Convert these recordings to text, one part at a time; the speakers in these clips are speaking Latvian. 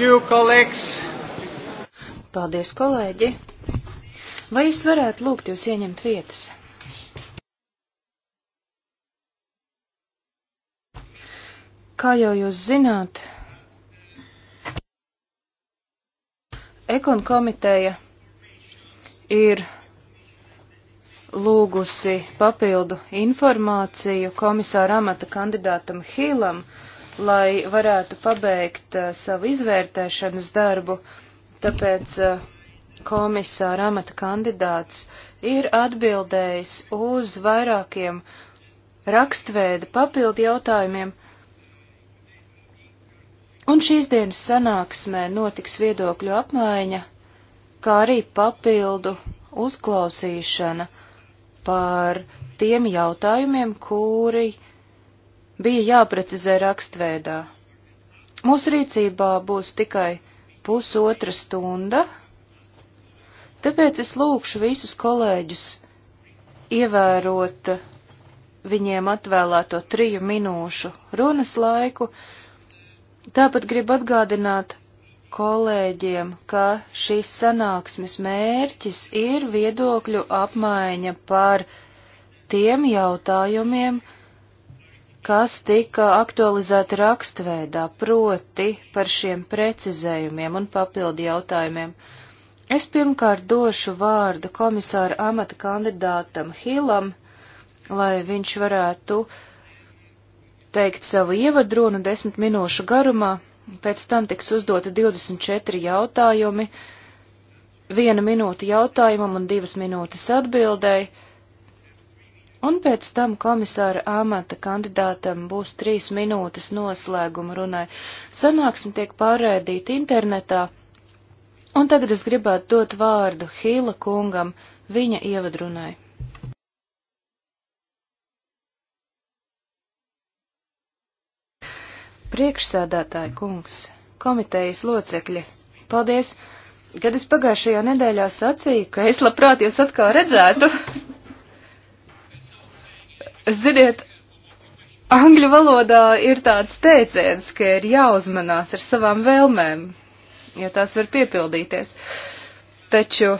you, colleagues. Paldies, kolēģi. Vai es varētu lūgt jūs ieņemt vietas? Kā jau jūs zināt, Ekon komiteja ir lūgusi papildu informāciju komisāra amata kandidātam Hīlam lai varētu pabeigt uh, savu izvērtēšanas darbu, tāpēc uh, komisāra amata kandidāts ir atbildējis uz vairākiem rakstveida papildu jautājumiem, un šīs dienas sanāksmē notiks viedokļu apmaiņa, kā arī papildu uzklausīšana par tiem jautājumiem, kuri bija jāprecizē rakstveidā. Mūsu rīcībā būs tikai pusotra stunda, tāpēc es lūkšu visus kolēģus ievērot viņiem atvēlēto triju minūšu runas laiku. Tāpat gribu atgādināt kolēģiem, ka šīs sanāksmes mērķis ir viedokļu apmaiņa par tiem jautājumiem, kas tika aktualizēti rakstveidā, proti par šiem precizējumiem un papildu jautājumiem. Es pirmkārt došu vārdu komisāra amata kandidātam Hilam, lai viņš varētu teikt savu ievadrunu desmit minūšu garumā, pēc tam tiks uzdota 24 jautājumi, viena minūte jautājumam un divas minūtes atbildēji Un pēc tam komisāra amata kandidātam būs trīs minūtes noslēguma runai. Sanāksme tiek pārēdīta internetā. Un tagad es gribētu dot vārdu Hīla kungam viņa ievadrunai. Priekšsēdētāji kungs, komitejas locekļi, paldies, kad es pagājušajā nedēļā sacīju, ka es labprāt jūs atkal redzētu. Ziniet, angļu valodā ir tāds teiciens, ka ir jāuzmanās ar savām vēlmēm, ja tās var piepildīties. Taču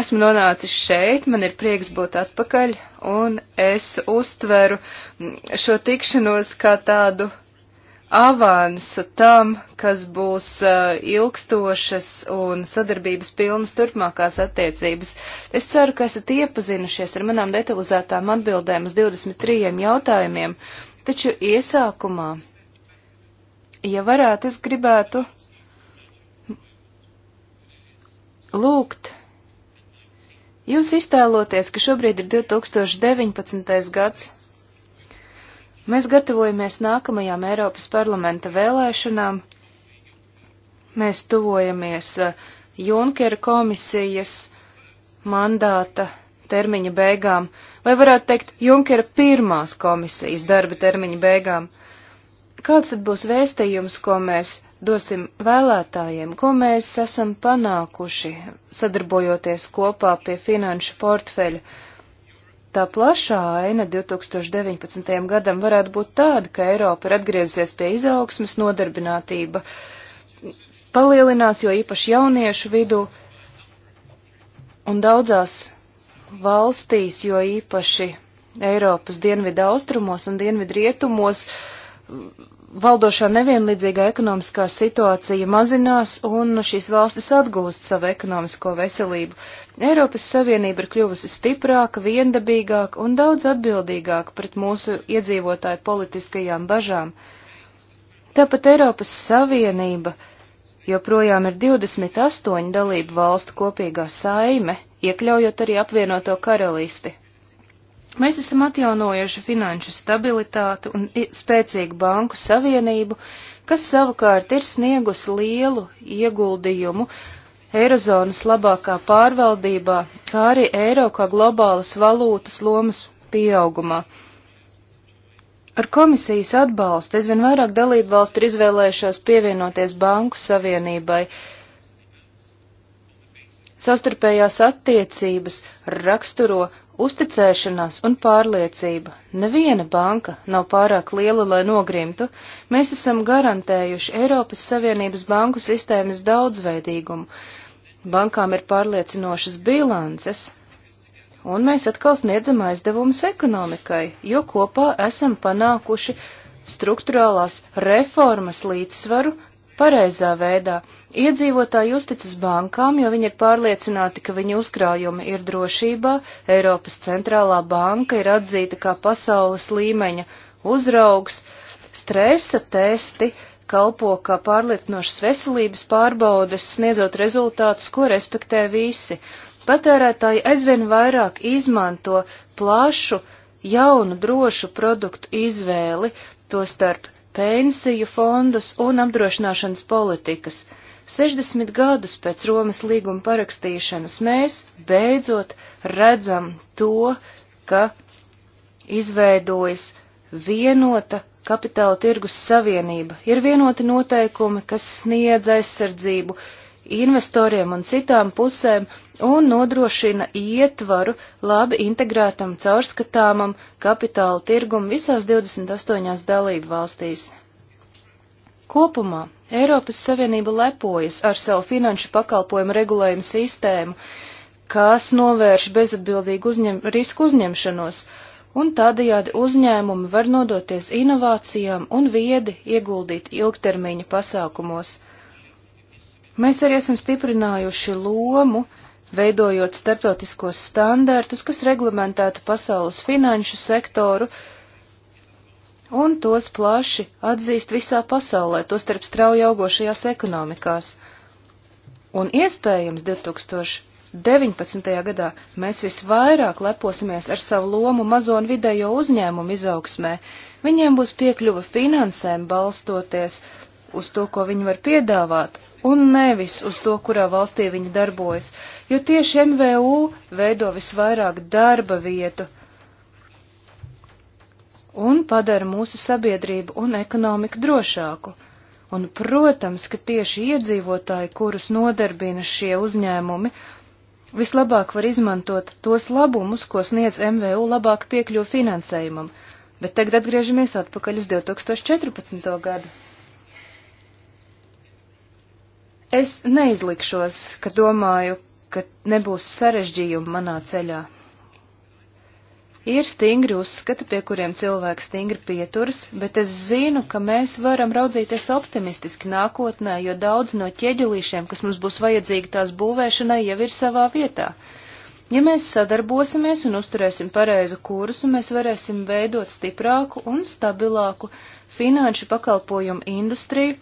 esmu nonācis šeit, man ir prieks būt atpakaļ, un es uztveru šo tikšanos kā tādu avansu tam, kas būs eh, ilgstošas un sadarbības pilnas turpmākās attiecības. Es ceru, ka esat iepazinušies ar manām detalizētām atbildēm uz 23 jautājumiem, taču iesākumā, ja varētu, es gribētu lūgt Jūs iztēloties, ka šobrīd ir 2019. gads, Mēs gatavojamies nākamajām Eiropas parlamenta vēlēšanām. Mēs tuvojamies eh, Junkera komisijas mandāta termiņa beigām, vai varētu teikt Junkera pirmās komisijas darba termiņa beigām. Kāds tad būs vēstījums, ko mēs dosim vēlētājiem, ko mēs esam panākuši, sadarbojoties kopā pie finanšu portfeļa? tā plašā aina 2019. gadam varētu būt tāda, ka Eiropa ir atgriezusies pie izaugsmas, nodarbinātība palielinās, jo īpaši jauniešu vidū un daudzās valstīs, jo īpaši Eiropas dienvidu austrumos un dienvidu rietumos valdošā nevienlīdzīgā ekonomiskā situācija mazinās un šīs valstis atgūst savu ekonomisko veselību. Eiropas Savienība ir kļuvusi stiprāka, viendabīgāka un daudz atbildīgāka pret mūsu iedzīvotāju politiskajām bažām. Tāpat Eiropas Savienība joprojām ir 28 dalību valstu kopīgā saime, iekļaujot arī apvienoto karalisti. Mēs esam atjaunojuši finanšu stabilitāti un spēcīgu banku savienību, kas savukārt ir sniegusi lielu ieguldījumu Eirozonas labākā pārvaldībā, kā arī eiro kā globālas valūtas lomas pieaugumā. Ar komisijas atbalstu aizvien vairāk dalību valstu ir izvēlējušās pievienoties Banku Savienībai. Savstarpējās attiecības raksturo Uzticēšanās un pārliecība. Neviena banka nav pārāk liela, lai nogrimtu. Mēs esam garantējuši Eiropas Savienības banku sistēmas daudzveidīgumu. Bankām ir pārliecinošas bilances, un mēs atkal sniedzam aizdevumus ekonomikai, jo kopā esam panākuši struktūrālās reformas līdzsvaru, pareizā veidā. Iedzīvotāji uzticas bankām, jo viņi ir pārliecināti, ka viņu uzkrājumi ir drošībā. Eiropas centrālā banka ir atzīta kā pasaules līmeņa uzraugs. Stresa testi kalpo kā pārliecinošas veselības pārbaudes, sniedzot rezultātus, ko respektē visi. Patērētāji aizvien vairāk izmanto plašu, jaunu, drošu produktu izvēli, tostarp pensiju fondus un apdrošināšanas politikas. 60 gadus pēc Romas līguma parakstīšanas mēs beidzot redzam to, ka izveidojas vienota kapitāla tirgus savienība. Ir vienoti noteikumi, kas sniedz aizsardzību investoriem un citām pusēm un nodrošina ietvaru labi integrētam caurskatāmam kapitāla tirgumu visās 28 dalību valstīs. Kopumā Eiropas Savienība lepojas ar savu finanšu pakalpojumu regulējumu sistēmu, kas novērš bezatbildīgu uzņem, risku uzņemšanos, un tādējādi uzņēmumi var nodoties inovācijām un viedi ieguldīt ilgtermiņa pasākumos. Mēs arī esam stiprinājuši lomu, veidojot starptautiskos standārtus, kas reglamentētu pasaules finanšu sektoru, un tos plaši atzīst visā pasaulē, to starp strauji augošajās ekonomikās. Un iespējams 2019. gadā mēs visvairāk leposimies ar savu lomu mazo un vidējo uzņēmumu izaugsmē. Viņiem būs piekļuva finansēm balstoties uz to, ko viņi var piedāvāt, un nevis uz to, kurā valstī viņi darbojas, jo tieši MVU veido visvairāk darba vietu un padara mūsu sabiedrību un ekonomiku drošāku. Un, protams, ka tieši iedzīvotāji, kurus nodarbina šie uzņēmumi, vislabāk var izmantot tos labumus, ko sniedz MVU labāk piekļuvu finansējumam. Bet tagad atgriežamies atpakaļ uz 2014. gadu. Es neizlikšos, ka domāju, ka nebūs sarežģījumi manā ceļā. Ir stingri uzskati, pie kuriem cilvēks stingri pieturas, bet es zinu, ka mēs varam raudzīties optimistiski nākotnē, jo daudz no ķieģelīšiem, kas mums būs vajadzīgi tās būvēšanai, jau ir savā vietā. Ja mēs sadarbosimies un uzturēsim pareizu kursu, mēs varēsim veidot stiprāku un stabilāku finanšu pakalpojumu industriju,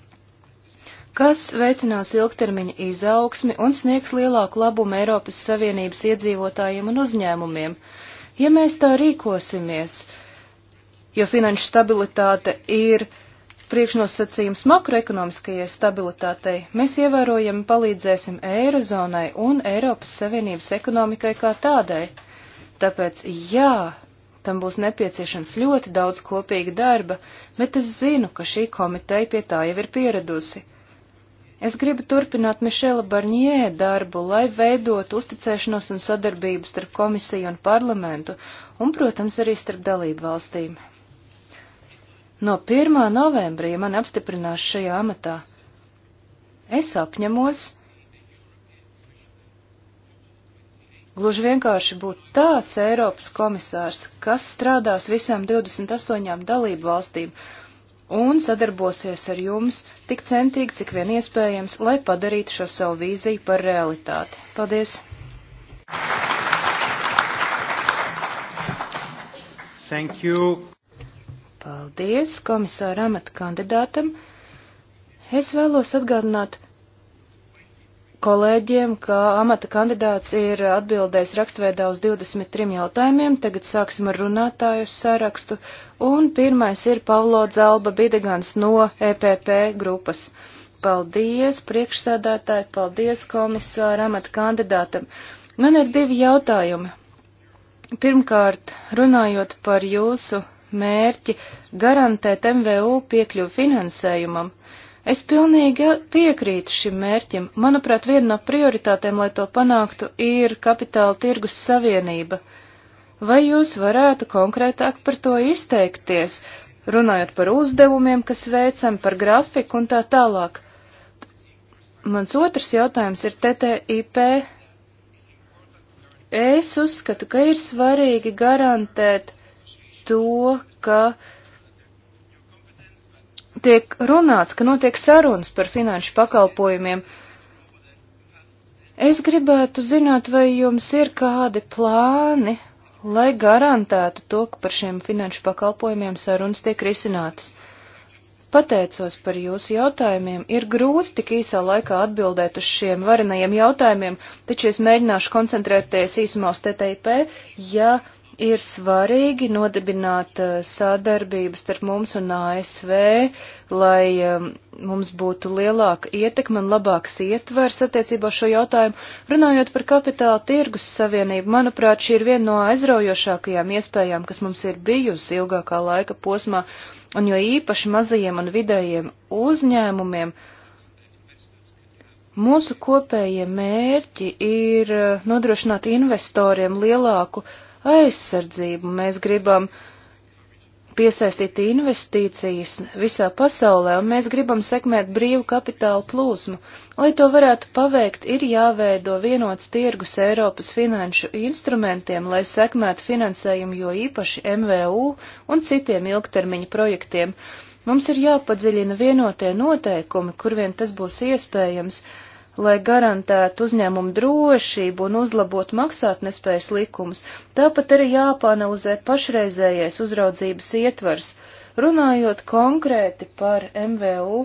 kas veicinās ilgtermiņa izaugsmi un sniegs lielāku labumu Eiropas Savienības iedzīvotājiem un uzņēmumiem. Ja mēs tā rīkosimies, jo finanšu stabilitāte ir priekšnosacījums makroekonomiskajai stabilitātei, mēs ievērojami palīdzēsim Eirozonai un Eiropas Savienības ekonomikai kā tādai. Tāpēc jā, Tam būs nepieciešams ļoti daudz kopīga darba, bet es zinu, ka šī komiteja pie tā jau ir pieradusi. Es gribu turpināt Mišela Barņē darbu, lai veidot uzticēšanos un sadarbību starp komisiju un parlamentu, un, protams, arī starp dalību valstīm. No 1. novembra, ja man apstiprinās šajā amatā, es apņemos gluži vienkārši būt tāds Eiropas komisārs, kas strādās visām 28 dalību valstīm un sadarbosies ar jums tik centīgi, cik vien iespējams, lai padarītu šo savu vīziju par realitāti. Paldies! Thank you. Paldies komisāra amata kandidātam. Es vēlos atgādināt kolēģiem, ka amata kandidāts ir atbildējis rakstveidā uz 23 jautājumiem. Tagad sāksim ar runātāju sarakstu. Un pirmais ir Pavlo Dzelba Bidegans no EPP grupas. Paldies priekšsēdētāji, paldies komisāra amata kandidātam. Man ir divi jautājumi. Pirmkārt, runājot par jūsu mērķi garantēt MVU piekļuvu finansējumam. Es pilnīgi piekrītu šim mērķim. Manuprāt, viena no prioritātēm, lai to panāktu, ir kapitāla tirgus savienība. Vai jūs varētu konkrētāk par to izteikties, runājot par uzdevumiem, kas veicam, par grafiku un tā tālāk? Mans otrs jautājums ir TTIP. Es uzskatu, ka ir svarīgi garantēt to, ka uh, tiek runāts, ka notiek sarunas par finanšu pakalpojumiem. Es gribētu zināt, vai jums ir kādi plāni, lai garantētu to, ka par šiem finanšu pakalpojumiem sarunas tiek risinātas. Pateicos par jūsu jautājumiem. Ir grūti tik īsā laikā atbildēt uz šiem varenajiem jautājumiem, taču es mēģināšu koncentrēties īsumā uz TTIP. Ja ir svarīgi nodibināt eh, sadarbību starp mums un ASV, lai eh, mums būtu lielāka ietekme un labāks ietvers attiecībā šo jautājumu. Runājot par kapitāla tirgus savienību, manuprāt, šī ir viena no aizraujošākajām iespējām, kas mums ir bijusi ilgākā laika posmā, un jo īpaši mazajiem un vidējiem uzņēmumiem. Mūsu kopējie mērķi ir eh, nodrošināt investoriem lielāku uh, aizsardzību. Mēs gribam piesaistīt investīcijas visā pasaulē, un mēs gribam sekmēt brīvu kapitālu plūsmu. Lai to varētu paveikt, ir jāveido vienots tirgus Eiropas finanšu instrumentiem, lai sekmētu finansējumu jo īpaši MVU un citiem ilgtermiņa projektiem. Mums ir jāpadziļina vienotie noteikumi, kur vien tas būs iespējams lai garantētu uzņēmumu drošību un uzlabotu maksātnespējas likumus, tāpat arī jāpanalizē pašreizējais uzraudzības ietvars. Runājot konkrēti par MVU,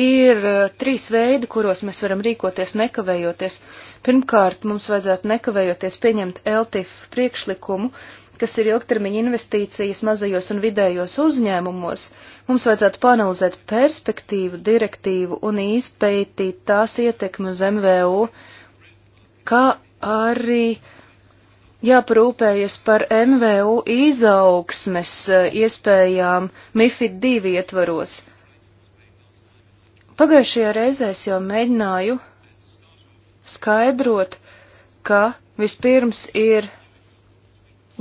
ir eh, trīs veidi, kuros mēs varam rīkoties nekavējoties. Pirmkārt, mums vajadzētu nekavējoties pieņemt LTIF priekšlikumu, uh, kas ir ilgtermiņa investīcijas mazajos un vidējos uzņēmumos, mums vajadzētu panalizēt perspektīvu direktīvu un izpētīt tās ietekmi uz MVU, kā arī jāparūpējas par MVU izaugsmes eh, iespējām MIFID 2 ietvaros. Pagājušajā reizē es jau mēģināju skaidrot, ka vispirms ir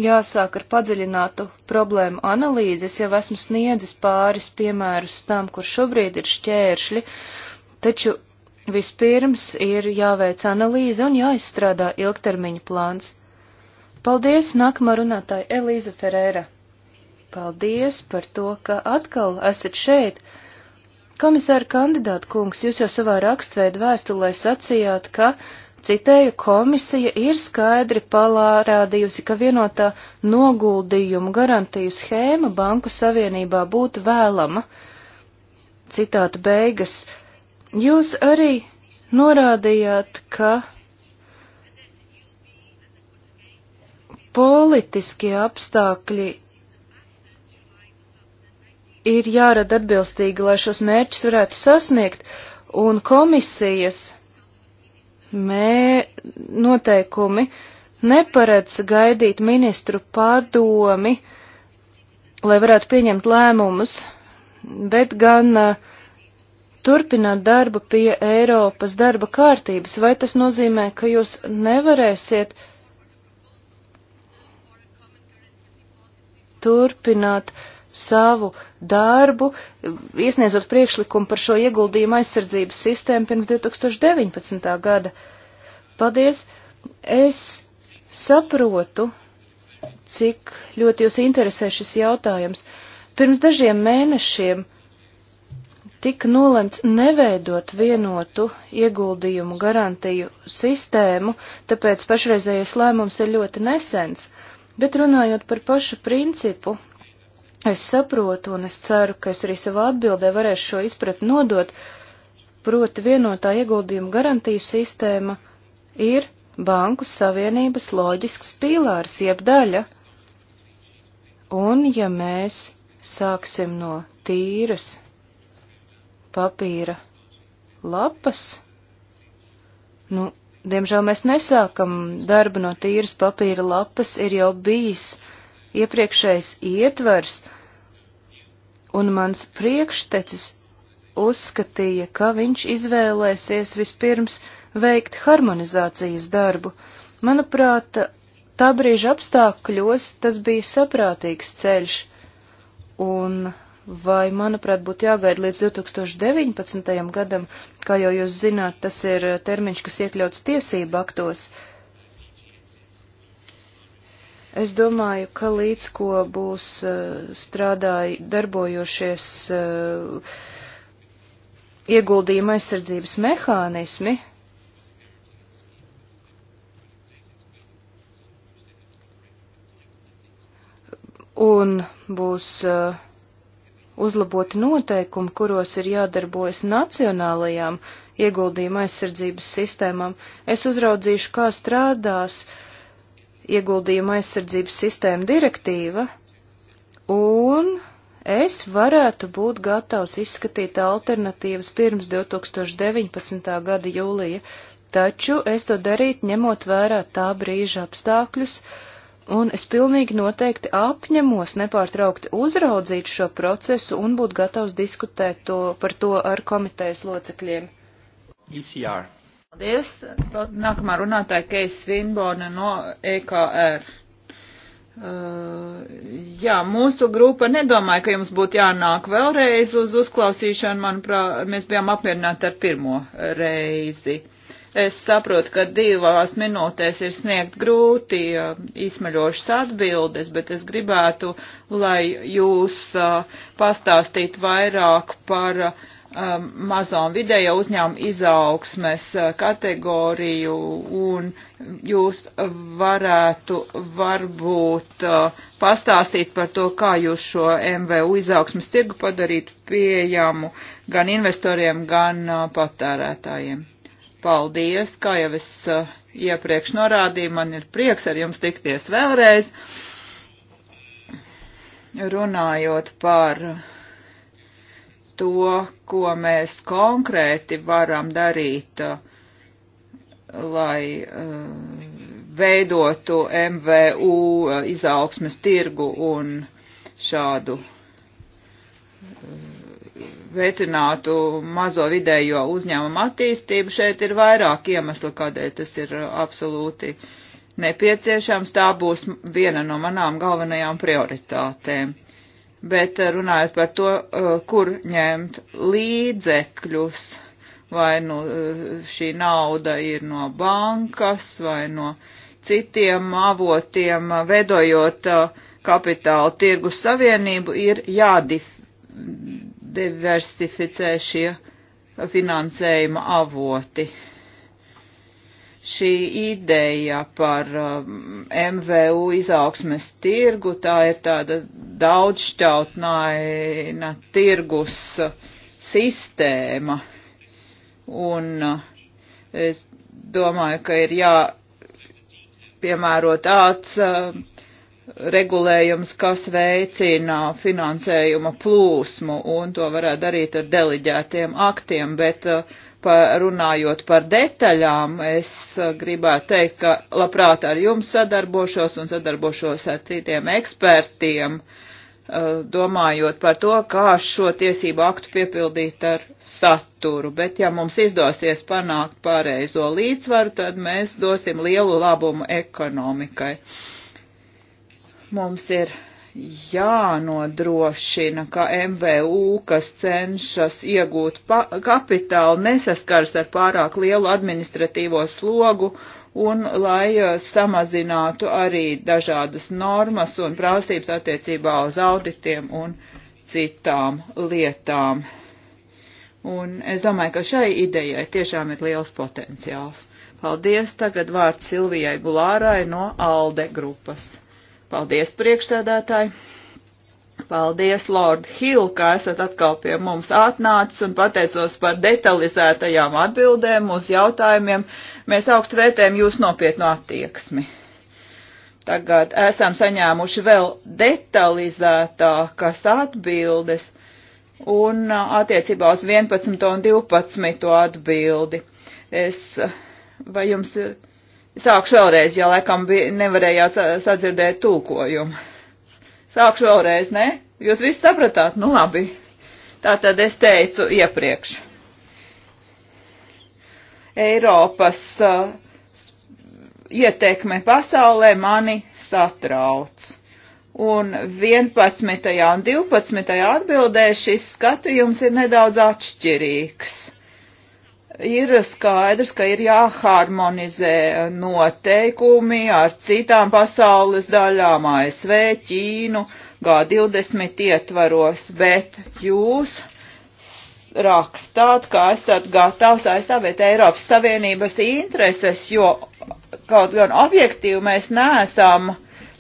jāsāk ar padziļinātu problēmu analīzi. Es jau esmu sniedzis pāris piemērus tam, kur šobrīd ir šķēršļi, taču vispirms ir jāveic analīze un jāizstrādā ilgtermiņa plāns. Paldies, nākamā runātāja Elīza Ferēra. Paldies par to, ka atkal esat šeit. Komisāra kandidāta kungs, jūs jau savā rakstveidu vēstulē sacījāt, ka uh, Citēju, komisija ir skaidri palārādījusi, ka vienotā noguldījumu garantiju schēma Banku Savienībā būtu vēlama. Citāta beigas. Jūs arī norādījāt, ka politiskie apstākļi ir jārada atbilstīgi, lai šos mērķus varētu sasniegt, un komisijas mē, noteikumi neparedz gaidīt ministru padomi, lai varētu pieņemt lēmumus, bet gan uh, turpināt darbu pie Eiropas darba kārtības. Vai tas nozīmē, ka jūs nevarēsiet turpināt uh, savu darbu, iesniedzot priekšlikumu par šo ieguldījumu aizsardzības sistēmu pirms 2019. gada. Paldies! Es saprotu, cik ļoti jūs interesē šis jautājums. Pirms dažiem mēnešiem tika nolemts neveidot vienotu ieguldījumu garantiju sistēmu, tāpēc pašreizējais lēmums ir ļoti nesens. Bet runājot par pašu principu, Es saprotu, un es ceru, ka es arī savā atbildē varēšu šo izpratni nodot, proti vienotā ieguldījuma garantiju sistēma ir Banku Savienības loģisks pīlārs jeb daļa. Un ja mēs sāksim no tīras papīra lapas, nu, diemžēl mēs nesākam darbu no tīras papīra lapas, ir jau bijis uh, iepriekšējs ietvers, un mans priekštecis uzskatīja, ka viņš izvēlēsies vispirms veikt harmonizācijas darbu. Manuprāt, tā brīža apstākļos tas bija saprātīgs ceļš, un vai, manuprāt, būtu jāgaida līdz 2019. gadam, kā jau jūs zināt, tas ir termiņš, kas iekļauts tiesību aktos. Uh, Es domāju, ka līdz ko būs eh, strādāji darbojošies eh, ieguldījuma aizsardzības mehānismi, un būs eh, uzlaboti noteikumi, kuros ir jādarbojas nacionālajām ieguldījuma aizsardzības sistēmām, es uzraudzīšu, kā strādās uh, ieguldījuma aizsardzības sistēma direktīva, un es varētu būt gatavs izskatīt alternatīvas pirms 2019. gada jūlija, taču es to darītu ņemot vērā tā brīža apstākļus, un es pilnīgi noteikti apņemos nepārtraukti uzraudzīt šo procesu un būt gatavs diskutēt to, par to ar komitejas locekļiem. ECR. Paldies. Nākamā runātāja Keis Svinborna no EKR. Uh, jā, mūsu grupa nedomāja, ka jums būtu jānāk vēlreiz uz uzklausīšanu. Manuprāt, mēs bijām apmierināti ar pirmo reizi. Es saprotu, ka divās minūtēs ir sniegt grūti uh, izsmeļošas atbildes, bet es gribētu, lai jūs uh, pastāstītu vairāk par uh, Um, mazo un vidējo uzņēmumu izaugsmes uh, kategoriju un jūs varētu varbūt uh, pastāstīt par to, kā jūs šo MVU izaugsmes tirgu padarītu pieejamu gan investoriem, gan uh, patērētājiem. Paldies, kā jau es iepriekš norādīju, man ir prieks ar jums tikties vēlreiz. Runājot par to, ko mēs konkrēti varam darīt, uh, lai uh, veidotu MVU uh, izaugsmes tirgu un šādu veicinātu mazo vidējo uzņēmumu attīstību. Šeit ir vairāk iemeslu, kādēļ tas ir absolūti nepieciešams. Tā būs viena no manām galvenajām prioritātēm bet eh, runājot par to, eh, kur ņemt līdzekļus, vai nu eh, šī nauda ir no bankas vai no citiem avotiem, veidojot kapitāla tirgus savienību, ir jādiversificē šie finansējuma avoti šī ideja par um, MVU izaugsmes tirgu, tā ir tāda daudzšķautnaina tirgus sistēma. Un uh, es domāju, ka ir jā, piemēro tāds uh, regulējums, kas veicina finansējuma plūsmu, un to varētu darīt ar deliģētiem aktiem, bet uh, par, runājot par detaļām, es eh, gribētu teikt, ka labprāt ar jums sadarbošos un sadarbošos ar citiem ekspertiem, eh, domājot par to, kā šo tiesību aktu piepildīt ar saturu. Bet ja mums izdosies panākt pareizo līdzsvaru, tad mēs dosim lielu labumu ekonomikai. Mums ir jānodrošina, ka MVU, kas cenšas iegūt kapitālu, nesaskars ar pārāk lielu administratīvo slogu un lai e, samazinātu arī dažādas normas un prasības attiecībā uz auditiem un citām lietām. Un es domāju, ka šai idejai tiešām ir liels potenciāls. Paldies, tagad vārds Silvijai Gulārai no ALDE grupas. Paldies, priekšsēdētāji! Paldies, Lord Hill, ka esat atkal pie mums atnācis un pateicos par detalizētajām atbildēm uz jautājumiem. Mēs augstu vērtējam jūs nopietnu attieksmi. Tagad esam saņēmuši vēl detalizētākas atbildes un attiecībā uz 11 un 12 atbildi. Es, vai jums ir Sākšu vēlreiz, jo laikam bija, nevarējāt sadzirdēt tūkojumu. Sākšu vēlreiz, ne? Jūs visi sapratāt? Nu labi. Tā tad es teicu iepriekš. Eiropas uh, ietekme pasaulē mani satrauc. Un 11. un 12. atbildē šis skatījums ir nedaudz atšķirīgs. Ir skaidrs, ka ir jāharmonizē noteikumi ar citām pasaules daļām, ASV, Ķīnu, G20 ietvaros, bet jūs rakstāt, ka esat gatavs aizstāvēt Eiropas Savienības intereses, jo kaut gan objektīvi mēs neesam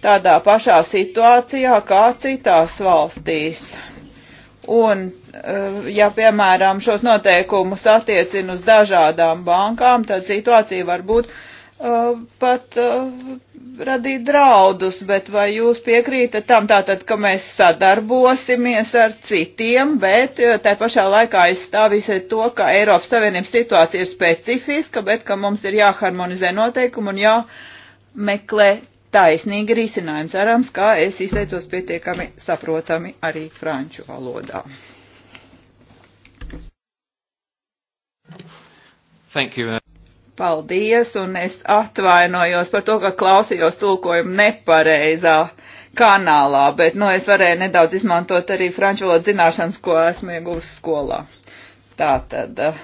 tādā pašā situācijā kā citās valstīs. Un, eh, ja, piemēram, šos noteikumus attiecina uz dažādām bankām, tad situācija var būt uh, pat uh, radīt draudus, bet vai jūs piekrītat tam tātad, ka mēs sadarbosimies ar citiem, bet tā pašā laikā aizstāvīsiet to, ka Eiropas Savienības situācija ir specifiska, bet ka mums ir jāharmonizē noteikumi un jāmeklē taisnīgi risinājumi. Cerams, kā es izteicos pietiekami saprotami arī franču valodā. Thank you. Paldies, un es atvainojos par to, ka klausījos tulkojumu nepareizā kanālā, bet, nu, es varēju nedaudz izmantot arī franču valodas zināšanas, ko esmu ieguvis skolā. Tātad. Uh,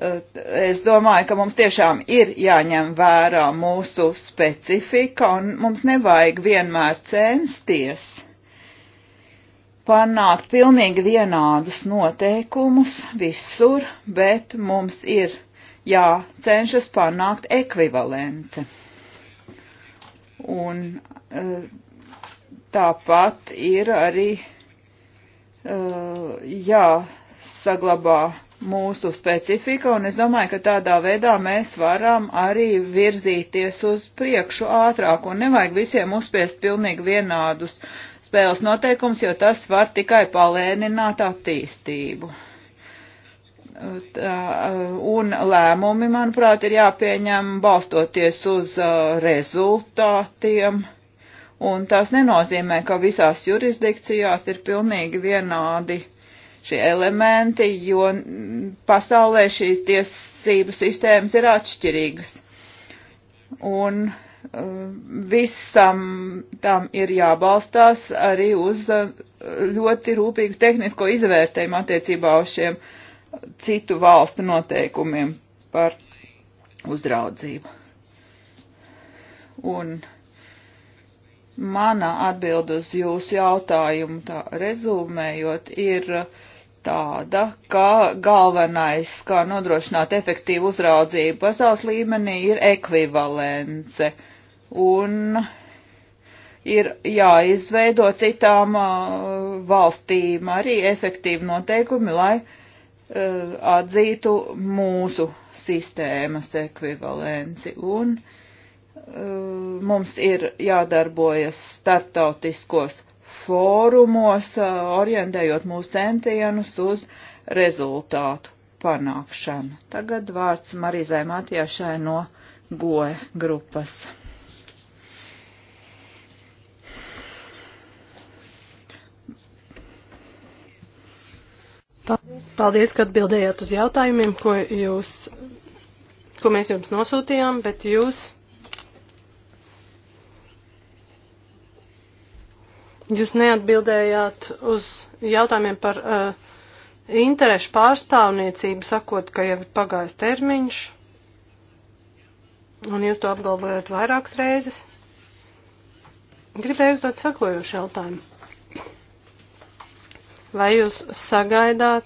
Eh, es domāju, ka mums tiešām ir jāņem vērā mūsu specifika un mums nevajag vienmēr censties panākt pilnīgi vienādus noteikumus visur, bet mums ir jācenšas panākt ekvivalence. Un eh, tāpat ir arī eh, jāsaglabā mūsu specifika, un es domāju, ka tādā veidā mēs varam arī virzīties uz priekšu ātrāk, un nevajag visiem uzspiest pilnīgi vienādus spēles noteikums, jo tas var tikai palēnināt attīstību. Tā, un lēmumi, manuprāt, ir jāpieņem balstoties uz uh, rezultātiem, un tas nenozīmē, ka visās jurisdikcijās ir pilnīgi vienādi šie elementi, jo pasaulē šīs tiesību sistēmas ir atšķirīgas. Un uh, visam tam ir jābalstās arī uz uh, ļoti rūpīgu tehnisko izvērtējumu attiecībā uz šiem citu valstu noteikumiem par uzraudzību. Un mana atbild uz jūsu jautājumu, tā rezumējot, ir uh, tāda, ka galvenais, kā nodrošināt efektīvu uzraudzību pasaules līmenī, ir ekvivalence. Un ir jāizveido citām valstīm arī efektīvi noteikumi, lai uh, atzītu mūsu sistēmas ekvivalenci. Un uh, mums ir jādarbojas starptautiskos fórumos, orientējot mūsu centienus uz rezultātu panākšanu. Tagad vārds Marizai Matiešai no GOE grupas. Paldies, Paldies ka atbildējāt uz jautājumiem, ko, jūs, ko mēs jums nosūtījām, bet jūs Jūs neatbildējāt uz jautājumiem par uh, interešu pārstāvniecību, sakot, ka jau ir pagājis termiņš, un jūs to apgalvojat vairākas reizes. Gribēju uzdot sakojošu jautājumu. Vai jūs sagaidāt,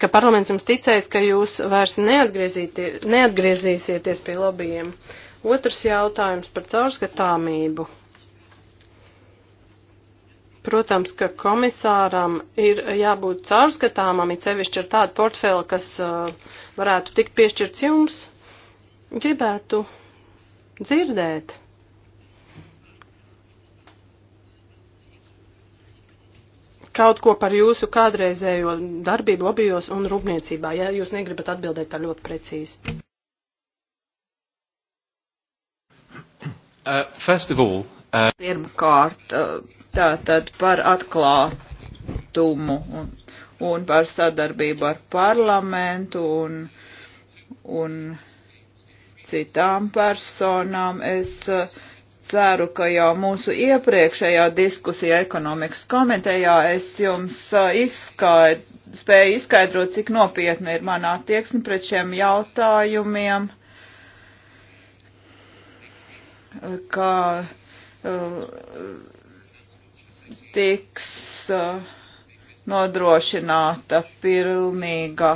ka parlaments jums ticēs, ka jūs vairs neatgriezīsieties pie lobbyiem? Uh, Otrs jautājums par caurskatāmību. Protams, ka komisāram ir jābūt caurskatāmam, it sevišķi ar tādu portfeli, kas uh, varētu tikt piešķirts jums. Gribētu dzirdēt. Kaut ko par jūsu kādreizējo darbību lobijos un rūpniecībā, ja jūs negribat atbildēt tā ļoti precīzi. Uh, first of all, uh... Pirmkārt, uh, tātad par atklātumu un, un par sadarbību ar parlamentu un, un citām personām. Es uh, ceru, ka jau mūsu iepriekšējā diskusijā ekonomikas komitejā es jums uh, izskaid, spēju izskaidrot, cik nopietna ir manā tieksme pret šiem jautājumiem ka uh, tiks uh, nodrošināta pilnīga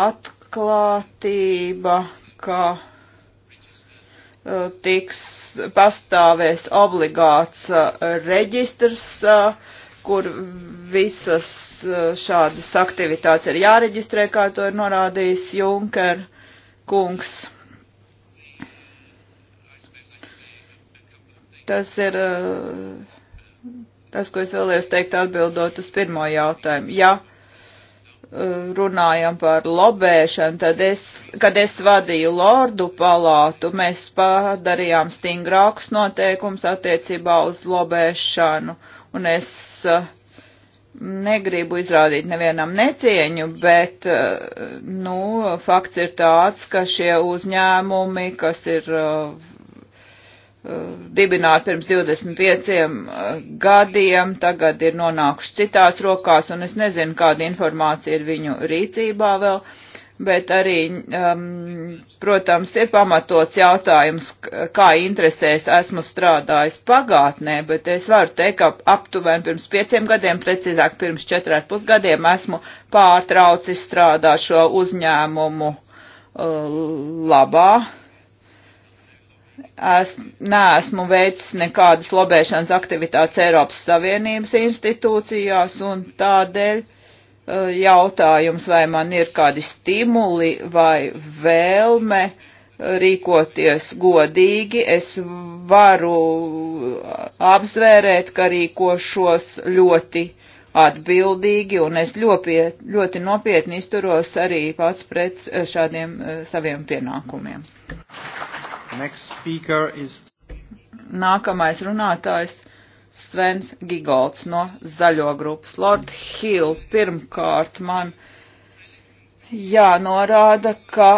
atklātība, ka uh, tiks pastāvēs obligāts reģistrs, kur visas šādas aktivitātes ir jāreģistrē, kā to ir norādījis Junker kungs. Tas ir eh, tas, ko es vēlējos teikt atbildot uz pirmo jautājumu. Ja eh, runājam par lobēšanu, tad es, kad es vadīju Lordu palātu, mēs padarījām stingrākus noteikumus attiecībā uz lobēšanu, un es eh, negribu izrādīt nevienam necieņu, bet, nu, fakts ir tāds, ka šie uzņēmumi, kas ir dibināti pirms 25 eh, gadiem, tagad ir nonākuši citās rokās, un es nezinu, kāda informācija ir viņu rīcībā vēl, bet arī, um, protams, ir pamatots jautājums, kā interesēs esmu strādājis pagātnē, bet es varu teikt, ka aptuveni pirms pieciem gadiem, precīzāk pirms četrā pusgadiem, esmu pārtraucis strādāt šo uzņēmumu uh, labā es neesmu veicis nekādas lobēšanas aktivitātes Eiropas Savienības institūcijās, un tādēļ eh, jautājums, vai man ir kādi stimuli vai vēlme rīkoties godīgi, es varu apzvērēt, ka rīkošos ļoti atbildīgi, un es ļopiet, ļoti nopietni izturos arī pats pret šādiem eh, saviem pienākumiem. Next speaker is... Nākamais runātājs Svens Gigolds no Zaļo grupas. Lord Hill, pirmkārt man jānorāda, ka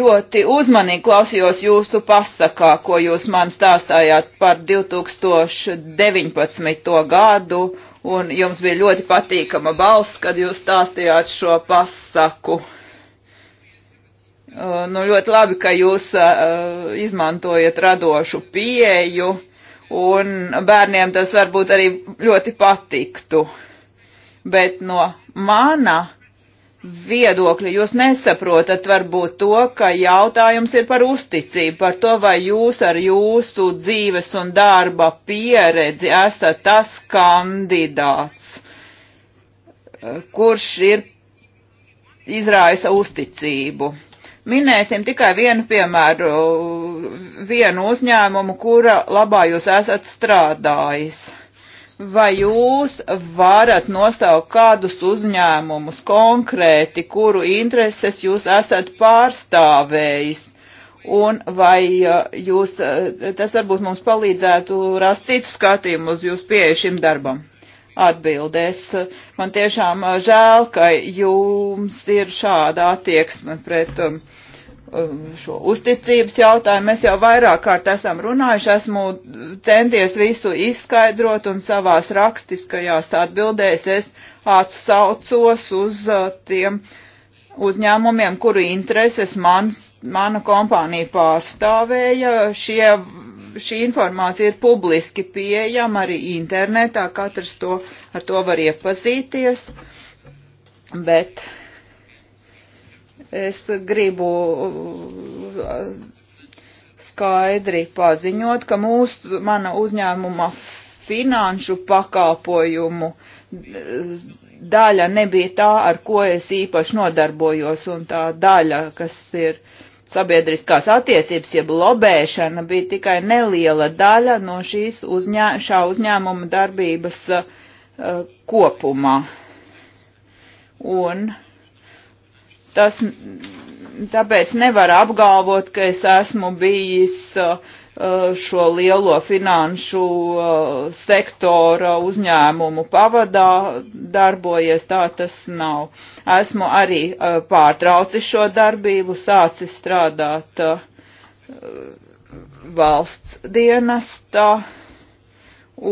ļoti uzmanīgi klausījos jūsu pasakā, ko jūs man stāstājāt par 2019. gadu, un jums bija ļoti patīkama balss, kad jūs stāstījāt šo pasaku. Uh, Eh, nu, ļoti labi, ka jūs eh, izmantojat radošu pieju, un bērniem tas varbūt arī ļoti patiktu. Bet no mana viedokļa jūs nesaprotat varbūt to, ka jautājums ir par uzticību, par to, vai jūs ar jūsu dzīves un darba pieredzi esat tas kandidāts, eh, kurš ir izrāisa uzticību. Minēsim tikai vienu piemēru, vienu uzņēmumu, kura labā jūs esat strādājis. Vai jūs varat nosaukt kādus uzņēmumus konkrēti, kuru intereses jūs esat pārstāvējis? Un vai jūs, tas varbūt mums palīdzētu rast citu skatījumu uz jūsu pieeju šim darbam? atbildēs. Man tiešām žēl, ka jums ir šāda attieksme pret um, Um, šo uzticības jautājumu. Mēs jau vairāk kārt esam runājuši, esmu centies visu izskaidrot un savās rakstiskajās atbildēs es atsaucos uz uh, tiem uzņēmumiem, kuru intereses mans, mana kompānija pārstāvēja. Šie, šī informācija ir publiski pieejama arī internetā, katrs to, ar to var iepazīties. Bet uh, Es gribu uh, skaidri paziņot, ka mūsu, mana uzņēmuma finanšu pakalpojumu daļa nebija tā, ar ko es īpaši nodarbojos, un tā daļa, kas ir sabiedriskās attiecības, jeb lobēšana, bija tikai neliela daļa no šīs uzņē, šā uzņēmuma darbības uh, kopumā. Un uh, Tas, tāpēc nevar apgalvot, ka es esmu bijis uh, uh šo lielo finanšu uh, sektora uzņēmumu pavadā darbojies, tā tas nav. Esmu arī uh, pārtraucis šo darbību, sācis strādāt valsts dienestā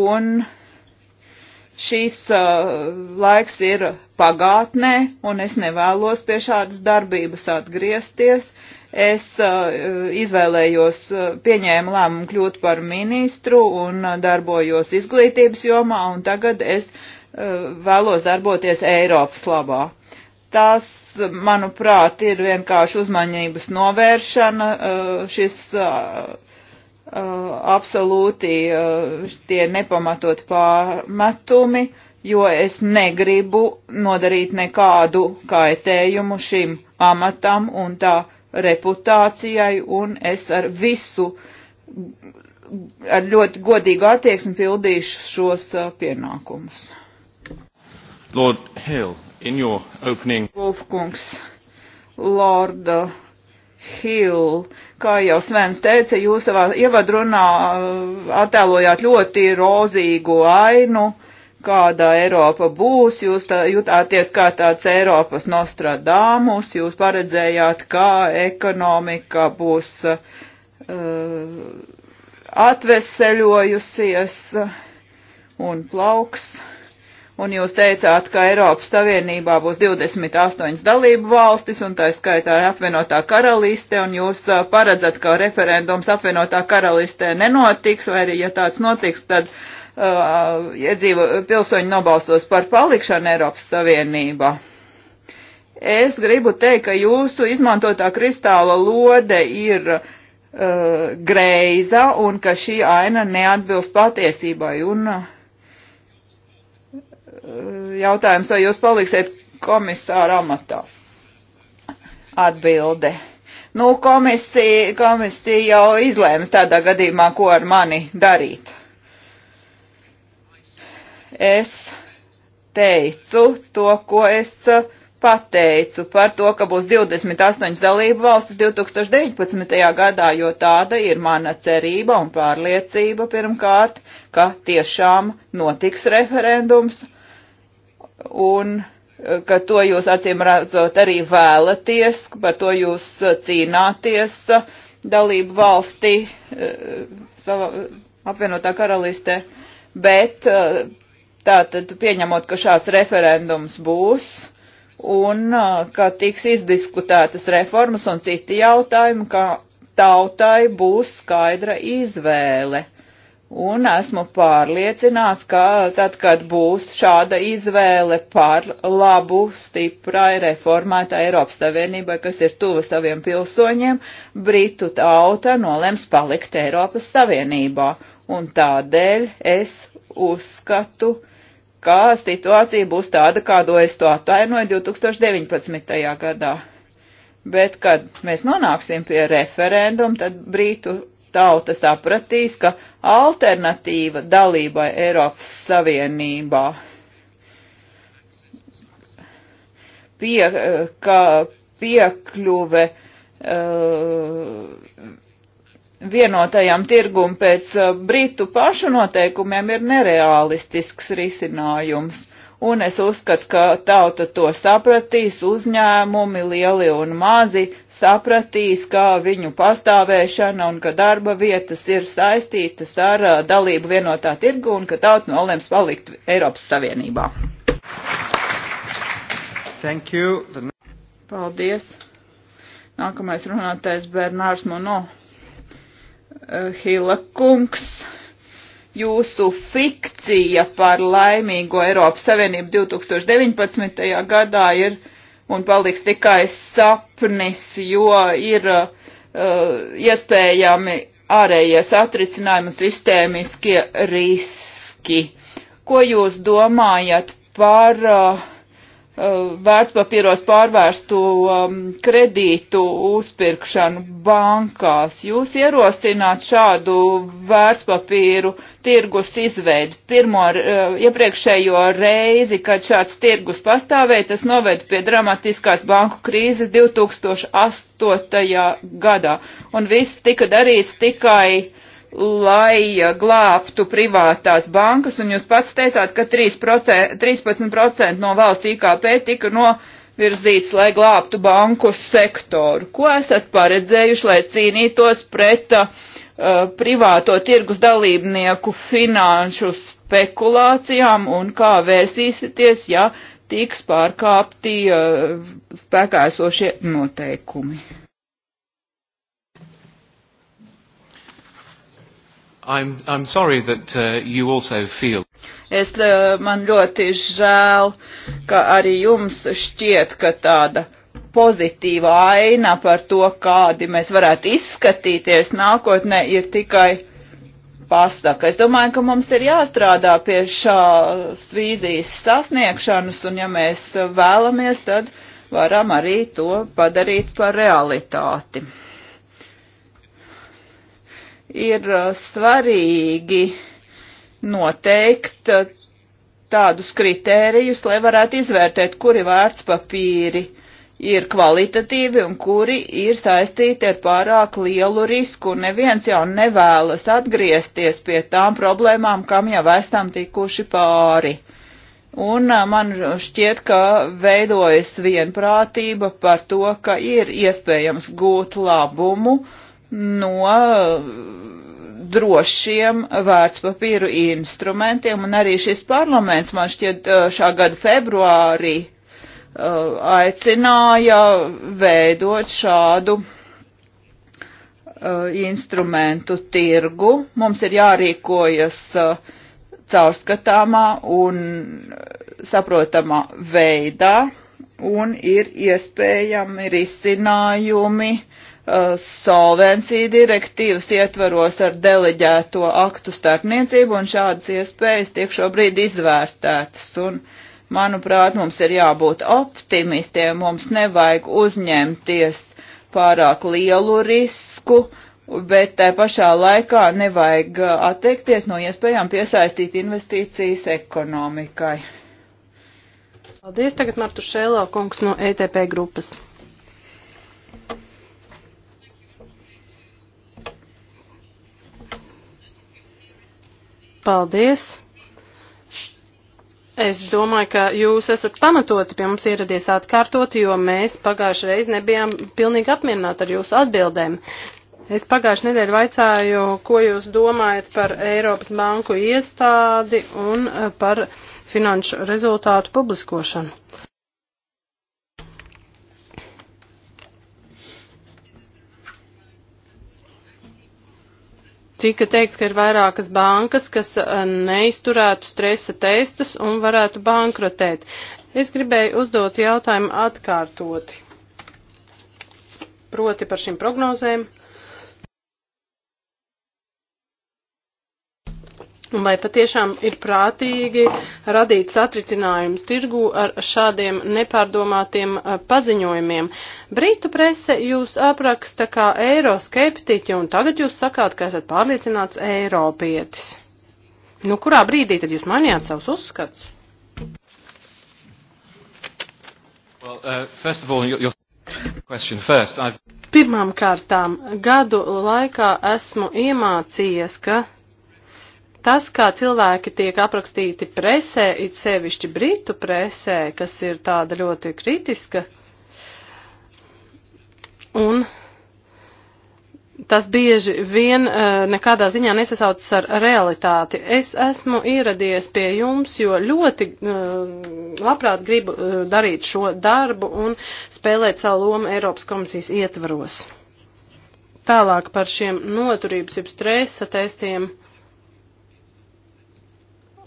un šīs uh, laiks ir pagātnē, un es nevēlos pie šādas darbības atgriezties. Es uh, izvēlējos, uh, pieņēmu lēmumu kļūt par ministru un uh, darbojos izglītības jomā, un tagad es uh, vēlos darboties Eiropas labā. Tas, manuprāt, ir vienkārši uzmanības novēršana. Uh, šis, uh, Uh, absolūti uh, tie nepamatot pārmetumi, jo es negribu nodarīt nekādu kaitējumu šim amatam un tā reputācijai, un es ar visu, ar ļoti godīgu attieksmi pildīšu šos uh, pienākumus. Lord Hill, in your opening. Wolfkungs, Lorda Hill. Kā jau Svens teica, jūs savā ievadrunā uh, attēlojāt ļoti rozīgu ainu, kāda Eiropa būs, jūs tā, jutāties kā tāds Eiropas Nostradamus, jūs paredzējāt, kā ekonomika būs uh, atveseļojusies un plauks. Uh, un jūs teicāt, ka Eiropas Savienībā būs 28 dalību valstis, un tā skaitā ir apvienotā karaliste, un jūs uh, paredzat, ka referendums apvienotā karalistē nenotiks, vai arī, ja tāds notiks, tad uh, iedzīvo pilsoņi nobalsos par palikšanu Eiropas Savienībā. Es gribu teikt, ka jūsu izmantotā kristāla lode ir uh, greiza un ka šī aina neatbilst patiesībai un uh, jautājums, vai jūs paliksiet komisāra amatā? Atbilde. Nu, komisija, komisija jau izlēmas tādā gadījumā, ko ar mani darīt. Es teicu to, ko es pateicu par to, ka būs 28 dalību valstis 2019. gadā, jo tāda ir mana cerība un pārliecība pirmkārt, ka tiešām notiks referendums un eh, ka to jūs acīm redzot arī vēlaties, par to jūs eh, cīnāties eh, dalību valstī savā apvienotā karalistē, bet tātad pieņemot, ka šāds referendums būs un ka tiks izdiskutētas reformas un citi jautājumi, ka tautai būs skaidra izvēle Un esmu pārliecināts, ka tad, kad būs šāda izvēle par labu, stiprai, reformētā Eiropas Savienībai, kas ir tuva saviem pilsoņiem, Britu tauta nolems palikt Eiropas Savienībā. Un tādēļ es uzskatu, ka situācija būs tāda, kādo es to atainoju 2019. gadā. Bet, kad mēs nonāksim pie referenduma, tad Brītu tauta sapratīs, ka alternatīva dalībai Eiropas Savienībā pie, eh, ka piekļuve uh, vienotajam tirgum pēc eh, Britu pašu noteikumiem ir nereālistisks risinājums un es uzskatu, ka tauta to sapratīs, uzņēmumi lieli un mazi sapratīs, kā viņu pastāvēšana un ka darba vietas ir saistītas ar dalību vienotā tirgu un ka tauta nolems palikt Eiropas Savienībā. Thank you. The... Paldies. Nākamais runātais Bernārs Mono. Uh, Hila Kungs jūsu fikcija par laimīgo Eiropas Savienību 2019. gadā ir un paliks tikai sapnis, jo ir uh, iespējami ārējie satricinājumi un sistēmiskie riski. Ko jūs domājat par uh, Eh, vērtspapīros pārvērstu um, kredītu uzpirkšanu bankās. Jūs ierosināt šādu vērtspapīru tirgus izveidu. Pirmo uh, iepriekšējo reizi, kad šāds tirgus pastāvēja, tas noveda pie dramatiskās banku krīzes 2008. gadā. Un viss tika darīts tikai uh, lai eh, glābtu privātās bankas, un jūs pats teicāt, ka 3%, 13% no valsts IKP tika novirzīts, lai glābtu banku sektoru. Ko esat paredzējuši, lai cīnītos pret uh, privāto tirgus dalībnieku finanšu spekulācijām, un kā vērsīsieties, ja tiks pārkāpti uh, spēkā esošie noteikumi? I'm, I'm sorry that uh, you also feel. Es, uh, man ļoti žēl, ka arī jums šķiet, ka tāda pozitīva aina par to, kādi mēs varētu izskatīties nākotnē, ir tikai pasaka. Es domāju, ka mums ir jāstrādā pie šās vīzijas sasniegšanas, un ja mēs vēlamies, tad varam arī to padarīt par realitāti ir uh, svarīgi noteikt uh, tādus kritērijus, lai varētu izvērtēt, kuri vērts papīri ir kvalitatīvi un kuri ir saistīti ar pārāk lielu risku. Neviens jau nevēlas atgriezties pie tām problēmām, kam jau esam tikuši pāri. Un uh, man šķiet, ka veidojas vienprātība par to, ka ir iespējams gūt labumu no uh, drošiem vērtspapīru instrumentiem, un arī šis parlaments man šķiet uh, šā gada februārī uh, aicināja veidot šādu instrumentu tirgu. Mums ir jārīkojas caurskatāmā un saprotamā veidā, un ir iespējami risinājumi uh, Uh, solvencija direktīvas ietvaros ar deleģēto aktu starpniecību, un šādas iespējas tiek šobrīd izvērtētas. Un, manuprāt, mums ir jābūt optimistiem, mums nevajag uzņemties pārāk lielu risku, bet tai pašā laikā nevajag uh, atteikties no iespējām piesaistīt investīcijas ekonomikai. Paldies, tagad Martu Šēlā kungs no ETP grupas. Paldies! Es domāju, ka jūs esat pamatoti pie mums ieradies atkārtot, jo mēs pagājušajā reiz nebijām pilnīgi apmierināti ar jūsu atbildēm. Es pagājušajā nedēļā vaicāju, ko jūs domājat par Eiropas banku iestādi un eh, par finanšu rezultātu publiskošanu. Tika teikts, ka ir vairākas bankas, kas uh, neizturētu stresa testus un varētu bankrotēt. Es gribēju uzdot jautājumu atkārtoti. Proti par šīm prognozēm. Vai patiešām ir prātīgi radīt satricinājumus tirgu ar šādiem nepārdomātiem uh, paziņojumiem? Brītu prese jūs apraksta kā eiroskeptiķi, un tagad jūs sakāt, ka esat pārliecināts eiropietis. Nu, kurā brīdī tad jūs mainījāt savus uzskats? Well, uh, first of all, your question first. I've... Pirmām kārtām, gadu laikā esmu iemācījies, ka Tas, kā cilvēki tiek aprakstīti presē, it sevišķi britu presē, kas ir tāda ļoti kritiska, un tas bieži vien uh, nekādā ziņā nesasaucas ar realitāti. Es esmu ieradies pie jums, jo ļoti uh, labprāt gribu uh, darīt šo darbu un spēlēt savu lomu Eiropas komisijas ietvaros. Tālāk par šiem noturības jeb stresa testiem.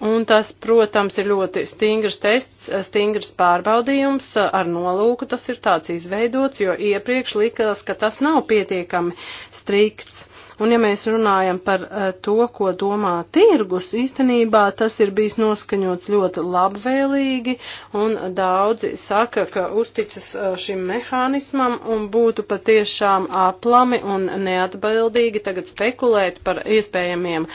Un tas, protams, ir ļoti stingrs tests, stingrs pārbaudījums ar nolūku. Tas ir tāds izveidots, jo iepriekš likās, ka tas nav pietiekami strikts. Un ja mēs runājam par eh, to, ko domā tirgus, īstenībā tas ir bijis noskaņots ļoti labvēlīgi, un daudzi saka, ka uzticas eh, šim mehānismam un būtu patiešām aplami un neatbildīgi tagad spekulēt par iespējamiem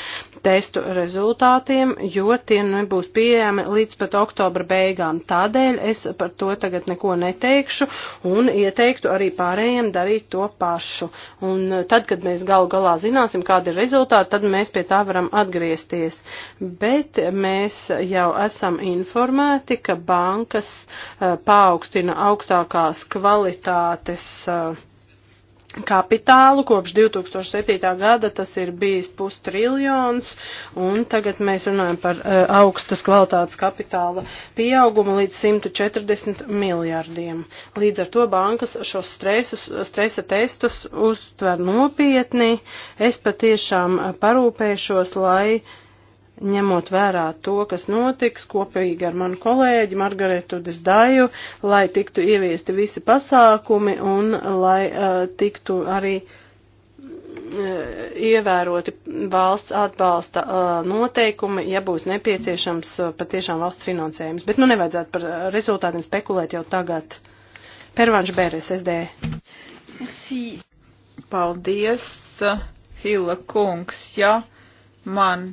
testu rezultātiem, jo tie nebūs pieejami līdz pat oktobra beigām. Tādēļ es par to tagad neko neteikšu un ieteiktu arī pārējiem darīt to pašu. Un eh, tad, kad mēs gal galā galā zināsim, kādi ir rezultāti, tad mēs pie tā varam atgriezties. Bet mēs jau esam informēti, ka bankas uh, paaugstina augstākās kvalitātes uh, kapitālu. Kopš 2007. gada tas ir bijis pustriljons, un tagad mēs runājam par uh, augstas kvalitātes kapitāla pieaugumu līdz 140 miljārdiem. Līdz ar to bankas šos stresus, stresa testus uztver nopietni. Es patiešām parūpēšos, lai uh, ņemot vērā to, kas notiks kopīgi ar manu kolēģi Margaretu Desdaju, lai tiktu ieviesti visi pasākumi un lai uh, tiktu arī uh, ievēroti valsts atbalsta uh, noteikumi, ja būs nepieciešams uh, patiešām valsts finansējums. Bet nu nevajadzētu par rezultātiem spekulēt jau tagad. Pervanš Bēres, SD. Merci. Paldies, Hila kungs. Ja man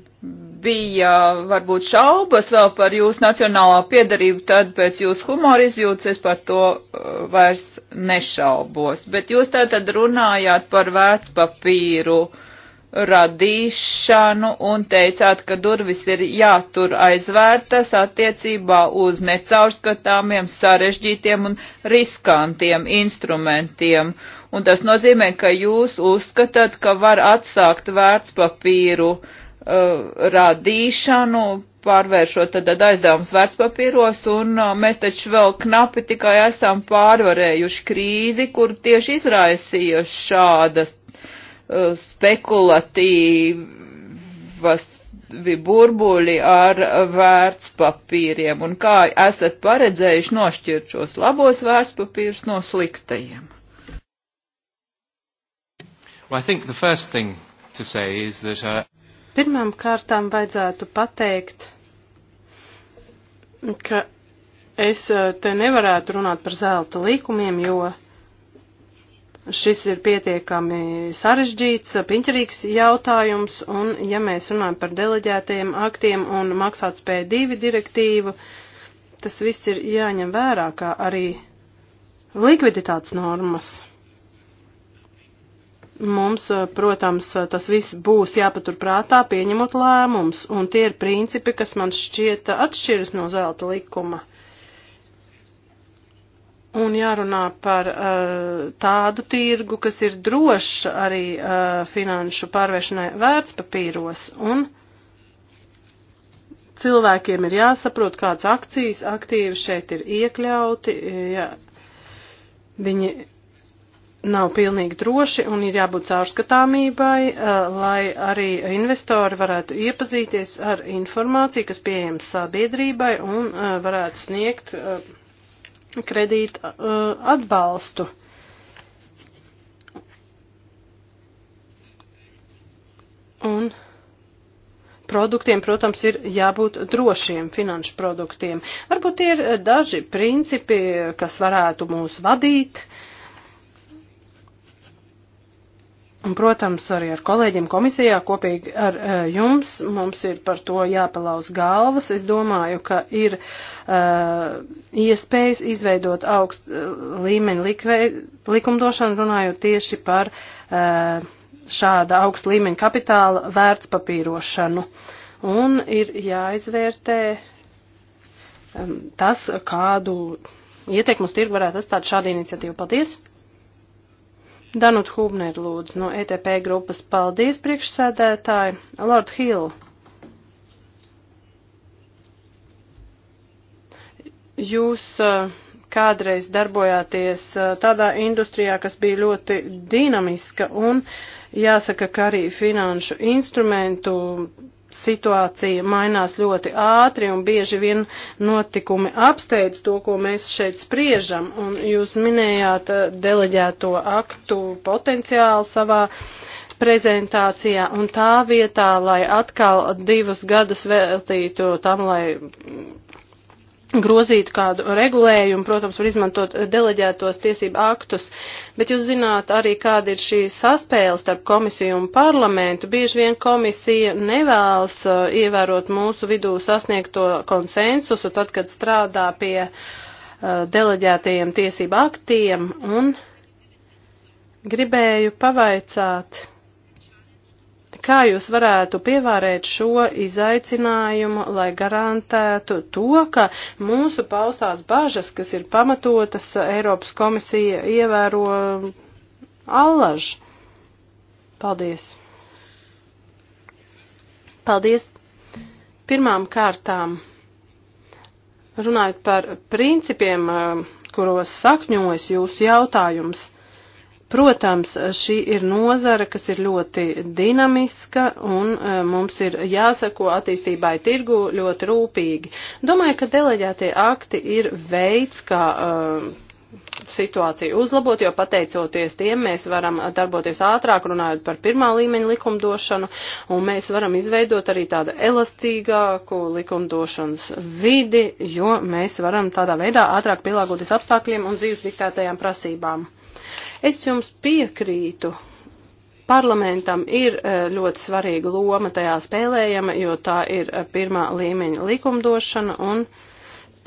bija varbūt šaubas vēl par jūsu nacionālā piedarību, tad pēc jūsu humora izjūtas es par to uh, vairs nešaubos. Bet jūs tātad runājāt par vērtspapīru radīšanu un teicāt, ka durvis ir jātur aizvērtas attiecībā uz necaurskatāmiem, sarežģītiem un riskantiem instrumentiem. Un tas nozīmē, ka jūs uzskatāt, ka var atsākt vērtspapīru uh, radīšanu, pārvēršot tad aizdevums vērtspapīros, un uh, mēs taču vēl knapi tikai esam pārvarējuši krīzi, kur tieši izraisīja šādas spekulatīvas burbuļi ar vērtspapīriem un kā esat paredzējuši nošķirt šos labos vērtspapīrus no sliktajiem? Well, I think the first thing to say is that uh, Pirmām kārtām vajadzētu pateikt, ka es uh, te nevarētu runāt par zelta līkumiem, jo Šis ir pietiekami sarežģīts, piņķerīgs jautājums, un ja mēs runājam par deleģētajiem aktiem un maksātspēju divi direktīvu, tas viss ir jāņem vērā, kā arī likviditātes normas. Mums, protams, tas viss būs jāpaturprātā, pieņemot lēmums, un tie ir principi, kas man šķiet atšķiras no zelta likuma. Un jārunā par uh, tādu tirgu, kas ir drošs arī uh, finanšu pārvēršanai vērtspapīros. Un cilvēkiem ir jāsaprot, kāds akcijas aktīvi šeit ir iekļauti. Ja viņi nav pilnīgi droši un ir jābūt caurskatāmībai, uh, lai arī investori varētu iepazīties ar informāciju, kas pieejama sabiedrībai un uh, varētu sniegt uh, kredīt uh, atbalstu. Un produktiem, protams, ir jābūt drošiem finanšu produktiem. Varbūt tie ir daži principi, kas varētu mūs vadīt, Un, protams, arī ar kolēģiem komisijā kopīgi ar uh, jums mums ir par to jāpalauz galvas. Es domāju, ka ir uh, iespējas izveidot augst uh, eh, līmeņu likvē, likumdošanu, runājot tieši par uh, šāda augsta līmeņa kapitāla vērtspapīrošanu. Un ir jāizvērtē um, tas, kādu ietekmu uz tirgu varētu atstāt šāda iniciatīva. Paldies! Danut Hubner lūdzu no ETP grupas. Paldies, priekšsēdētāji. Lord Hill. Jūs uh, kādreiz darbojāties eh, tādā industrijā, kas bija ļoti dinamiska un jāsaka, ka arī finanšu instrumentu situācija mainās ļoti ātri un bieži vien notikumi apsteidz to, ko mēs šeit spriežam. Un jūs minējāt eh, deleģēto aktu potenciālu savā prezentācijā un tā vietā, lai atkal divus gadus veltītu tam, lai grozītu kādu regulējumu, protams, var izmantot deleģētos tiesību aktus, bet jūs zināt arī, kāda ir šī saspēle starp komisiju un parlamentu. Bieži vien komisija nevēlas uh, ievērot mūsu vidū sasniegto konsensusu, tad, kad strādā pie uh, deleģētajiem tiesību aktiem, un gribēju pavaicāt Kā jūs varētu pievērēt šo izaicinājumu, lai garantētu to, ka mūsu paustās bažas, kas ir pamatotas, Eiropas komisija ievēro allaž? Paldies! Paldies! Pirmām kārtām, runājot par principiem, eh, kuros sakņojas jūsu jautājums. Protams, šī ir nozara, kas ir ļoti dinamiska un e, mums ir jāsako attīstībai tirgu ļoti rūpīgi. Domāju, ka deleģētie akti ir veids, kā uh, situāciju uzlabot, jo pateicoties tiem mēs varam darboties ātrāk, runājot par pirmā līmeņa likumdošanu, un mēs varam izveidot arī tādu elastīgāku likumdošanas vidi, jo mēs varam tādā veidā ātrāk pielāgoties apstākļiem un dzīves diktētajām prasībām. Es jums piekrītu. Parlamentam ir e, ļoti svarīga loma tajā spēlējama, jo tā ir e, pirmā līmeņa likumdošana un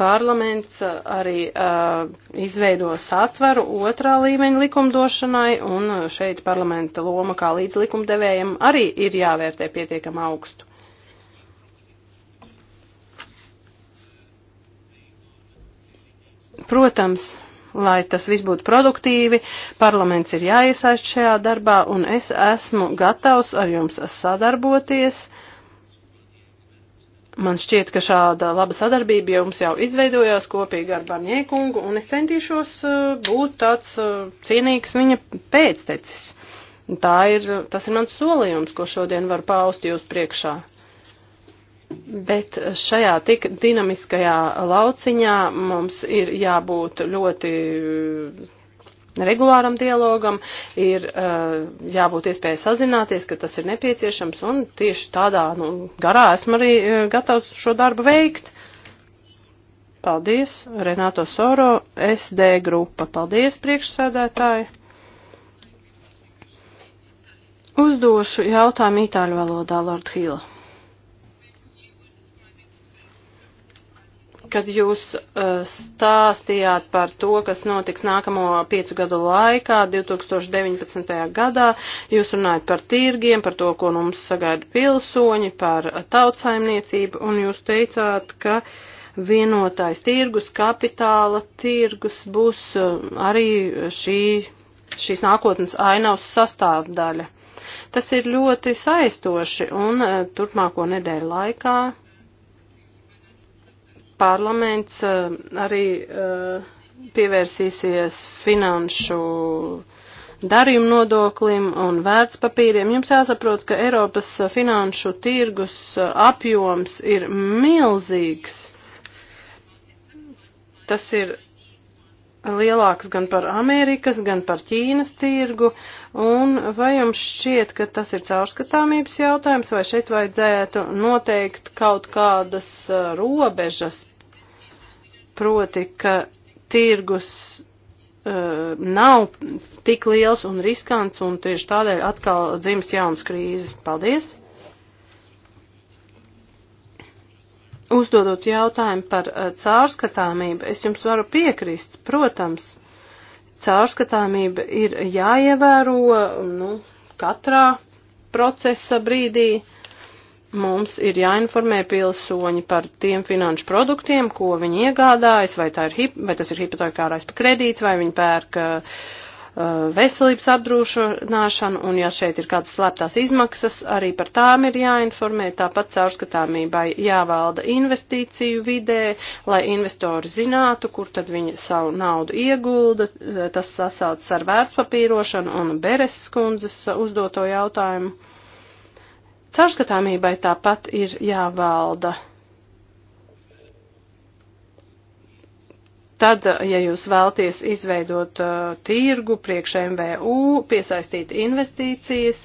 parlaments e, arī uh, izveido satveru otrā līmeņa likumdošanai un šeit parlamenta loma kā līdzlikumdevējiem arī ir jāvērtē pietiekam augstu. Protams, lai tas viss būtu produktīvi, parlaments ir jāiesaist šajā darbā, un es esmu gatavs ar jums sadarboties. Man šķiet, ka šāda laba sadarbība jums jau izveidojās kopīgi ar Barņēkungu, un es centīšos uh, būt tāds uh, cienīgs viņa pēctecis. Tā ir, tas ir mans solījums, ko šodien var paust jūs priekšā. Bet šajā tik dinamiskajā lauciņā mums ir jābūt ļoti regulāram dialogam, ir eh, jābūt iespēja sazināties, ka tas ir nepieciešams, un tieši tādā nu, garā esmu arī eh, gatavs šo darbu veikt. Paldies, Renato Soro, SD grupa. Paldies, priekšsēdētāji. Uzdošu jautājumu itāļu valodā, Lord Hīla. kad jūs uh, stāstījāt par to, kas notiks nākamo piecu gadu laikā, 2019. gadā, jūs runājat par tirgiem, par to, ko mums sagaida pilsoņi, par tautsaimniecību, un jūs teicāt, ka vienotais tirgus, kapitāla tirgus būs uh, arī šī, šīs nākotnes ainavas sastāvdaļa. Tas ir ļoti saistoši, un uh, turpmāko nedēļu laikā parlaments eh, arī eh, pievērsīsies finanšu darījumu nodoklim un vērtspapīriem. Jums jāsaprot, ka Eiropas finanšu tirgus eh, apjoms ir milzīgs. Tas ir lielāks gan par Amerikas, gan par Ķīnas tirgu, un vai jums šķiet, ka tas ir caurskatāmības jautājums, vai šeit vajadzētu noteikt kaut kādas robežas proti, ka tirgus uh, nav tik liels un riskants, un tieši tādēļ atkal dzimst jaunas krīzes. Paldies! Uzdodot jautājumu par uh, cārskatāmību, es jums varu piekrist, protams, cārskatāmība ir jāievēro, nu, katrā procesa brīdī, mums ir jāinformē pilsoņi par tiem finanšu produktiem, ko viņi iegādājas, vai, ir, vai tas ir hipotekārais kredīts, vai viņi pērk uh, uh, veselības apdrošināšanu, un ja šeit ir kādas slēptās izmaksas, arī par tām ir jāinformē, tāpat caurskatāmībai jāvalda investīciju vidē, lai investori zinātu, kur tad viņi savu naudu iegulda, tas sasaucas ar vērtspapīrošanu un Beres skundzes uzdoto jautājumu. Caurskatāmībai tāpat ir jāvalda. Tad, ja jūs vēlties izveidot uh, tirgu priekš MVU, piesaistīt investīcijas,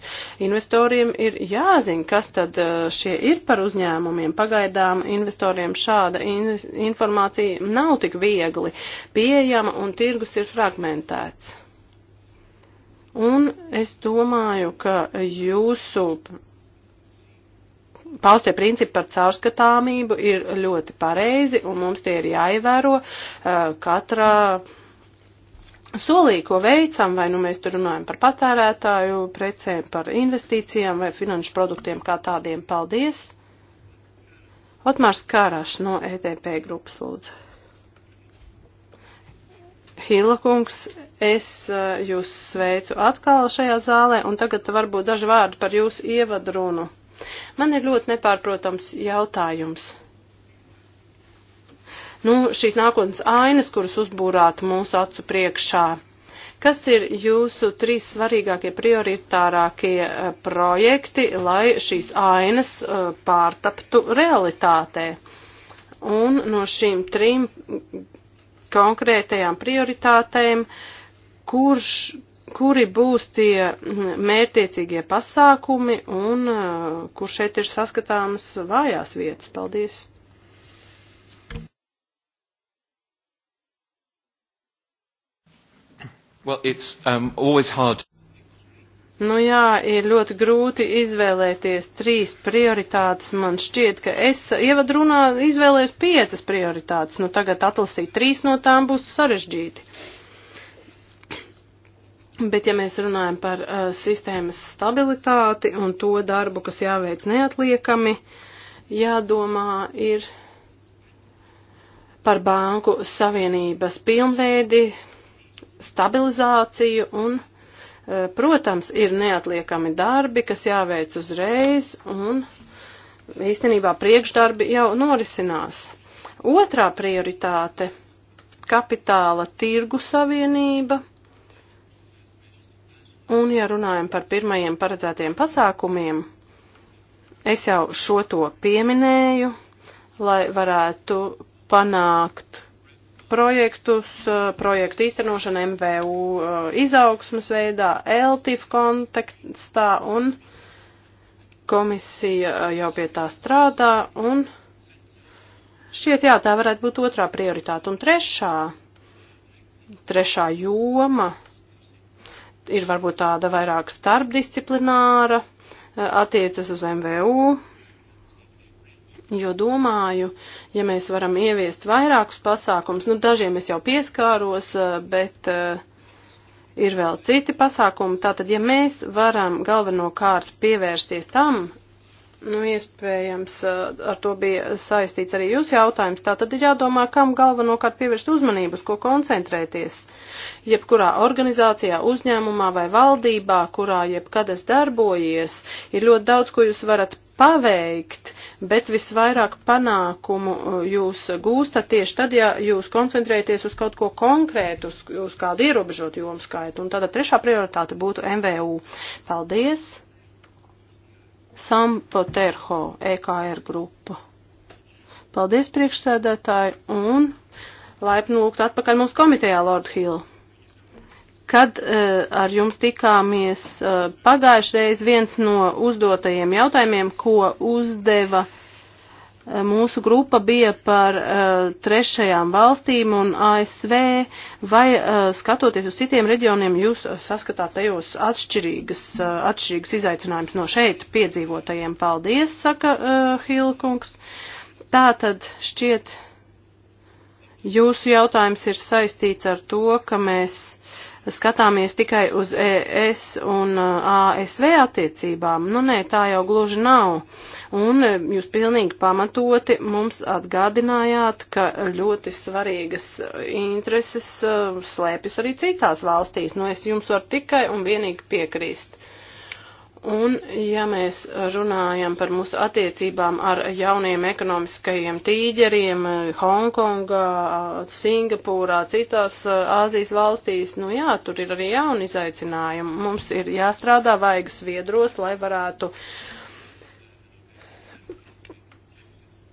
investoriem ir jāzina, kas tad uh, šie ir par uzņēmumiem. Pagaidām investoriem šāda in informācija nav tik viegli pieejama un tirgus ir fragmentēts. Un es domāju, ka jūsu paustie principi par caurskatāmību ir ļoti pareizi, un mums tie ir jāievēro eh, katrā solī, ko veicam, vai nu mēs tur runājam par patērētāju precēm, par investīcijām vai finanšu produktiem kā tādiem. Paldies! Otmārs Kārašs no ETP grupas lūdzu. Hilakungs, es eh, jūs sveicu atkal šajā zālē, un tagad varbūt daži vārdi par jūsu ievadrunu. Man ir ļoti nepārprotams jautājums. Nu, šīs nākotnes ainas, kuras uzbūrāt mūsu acu priekšā. Kas ir jūsu trīs svarīgākie prioritārākie eh, projekti, lai šīs ainas eh, pārtaptu realitātē? Un no šīm trim konkrētajām prioritātēm, kurš, kuri būs tie mērtiecīgie pasākumi un uh, kur šeit ir saskatāmas vājās vietas. Paldies! Well, it's um, always hard. Nu jā, ir ļoti grūti izvēlēties trīs prioritātes. Man šķiet, ka es ievadrunā izvēlējos piecas prioritātes. Nu tagad atlasīt trīs no tām būs sarežģīti. Bet, ja mēs runājam par uh, sistēmas stabilitāti un to darbu, kas jāveic neatliekami, jādomā ir par banku savienības pilnveidi, stabilizāciju un, uh, protams, ir neatliekami darbi, kas jāveic uzreiz un īstenībā priekšdarbi jau norisinās. Otrā prioritāte - kapitāla tirgu savienība Un, ja runājam par pirmajiem paredzētiem pasākumiem, es jau šo to pieminēju, lai varētu panākt projektus, eh, projektu īstenošanu MVU eh, izaugsmas veidā, LTIF kontekstā, un komisija eh, jau pie tā strādā, un šķiet, jā, tā varētu būt otrā prioritāte. Un trešā, trešā joma ir varbūt tāda vairāk starpdisciplināra, eh, attiecas uz MVU, jo domāju, ja mēs varam ieviest vairākus pasākums, nu dažiem es jau pieskāros, eh, bet eh, ir vēl citi pasākumi, tātad ja mēs varam galvenokārt pievērsties tam, Nu, iespējams, ar to bija saistīts arī jūsu jautājums. Tā tad ir jādomā, kam galvenokārt pievērst uzmanības, ko koncentrēties. Jebkurā organizācijā, uzņēmumā vai valdībā, kurā jebkad es darbojies, ir ļoti daudz, ko jūs varat paveikt, bet visvairāk panākumu jūs gūstat tieši tad, ja jūs koncentrēties uz kaut ko konkrētu, uz, uz kādu ierobežotu jomu skaitu. Un tāda trešā prioritāte būtu MVU. Paldies! Sampo Terho, EKR grupa. Paldies priekšsēdētāji un laipni lūgt atpakaļ mūsu komitejā, Lord Hill. Kad uh, ar jums tikāmies uh, pagājušreiz viens no uzdotajiem jautājumiem, ko uzdeva uh, Eh, mūsu grupa bija par uh, trešajām valstīm un ASV, vai uh, skatoties uz citiem reģioniem, jūs saskatāt tajos atšķirīgas, uh, atšķirīgas izaicinājumus no šeit piedzīvotajiem. Paldies, saka uh, Hilkungs. Tā tad šķiet, jūsu jautājums ir saistīts ar to, ka mēs skatāmies tikai uz ES un uh, ASV attiecībām. Nu, nē, tā jau gluži nav. Un uh, jūs pilnīgi pamatoti mums atgādinājāt, ka ļoti svarīgas uh, intereses slēpjas arī citās valstīs. Nu, es jums varu tikai un vienīgi piekrist. Un, ja mēs runājam par mūsu attiecībām ar jauniem ekonomiskajiem tīģeriem Hongkongā, Singapūrā, citās Āzijas valstīs, nu jā, tur ir arī jauni izaicinājumi. Mums ir jāstrādā vaigas viedros, lai varētu uh,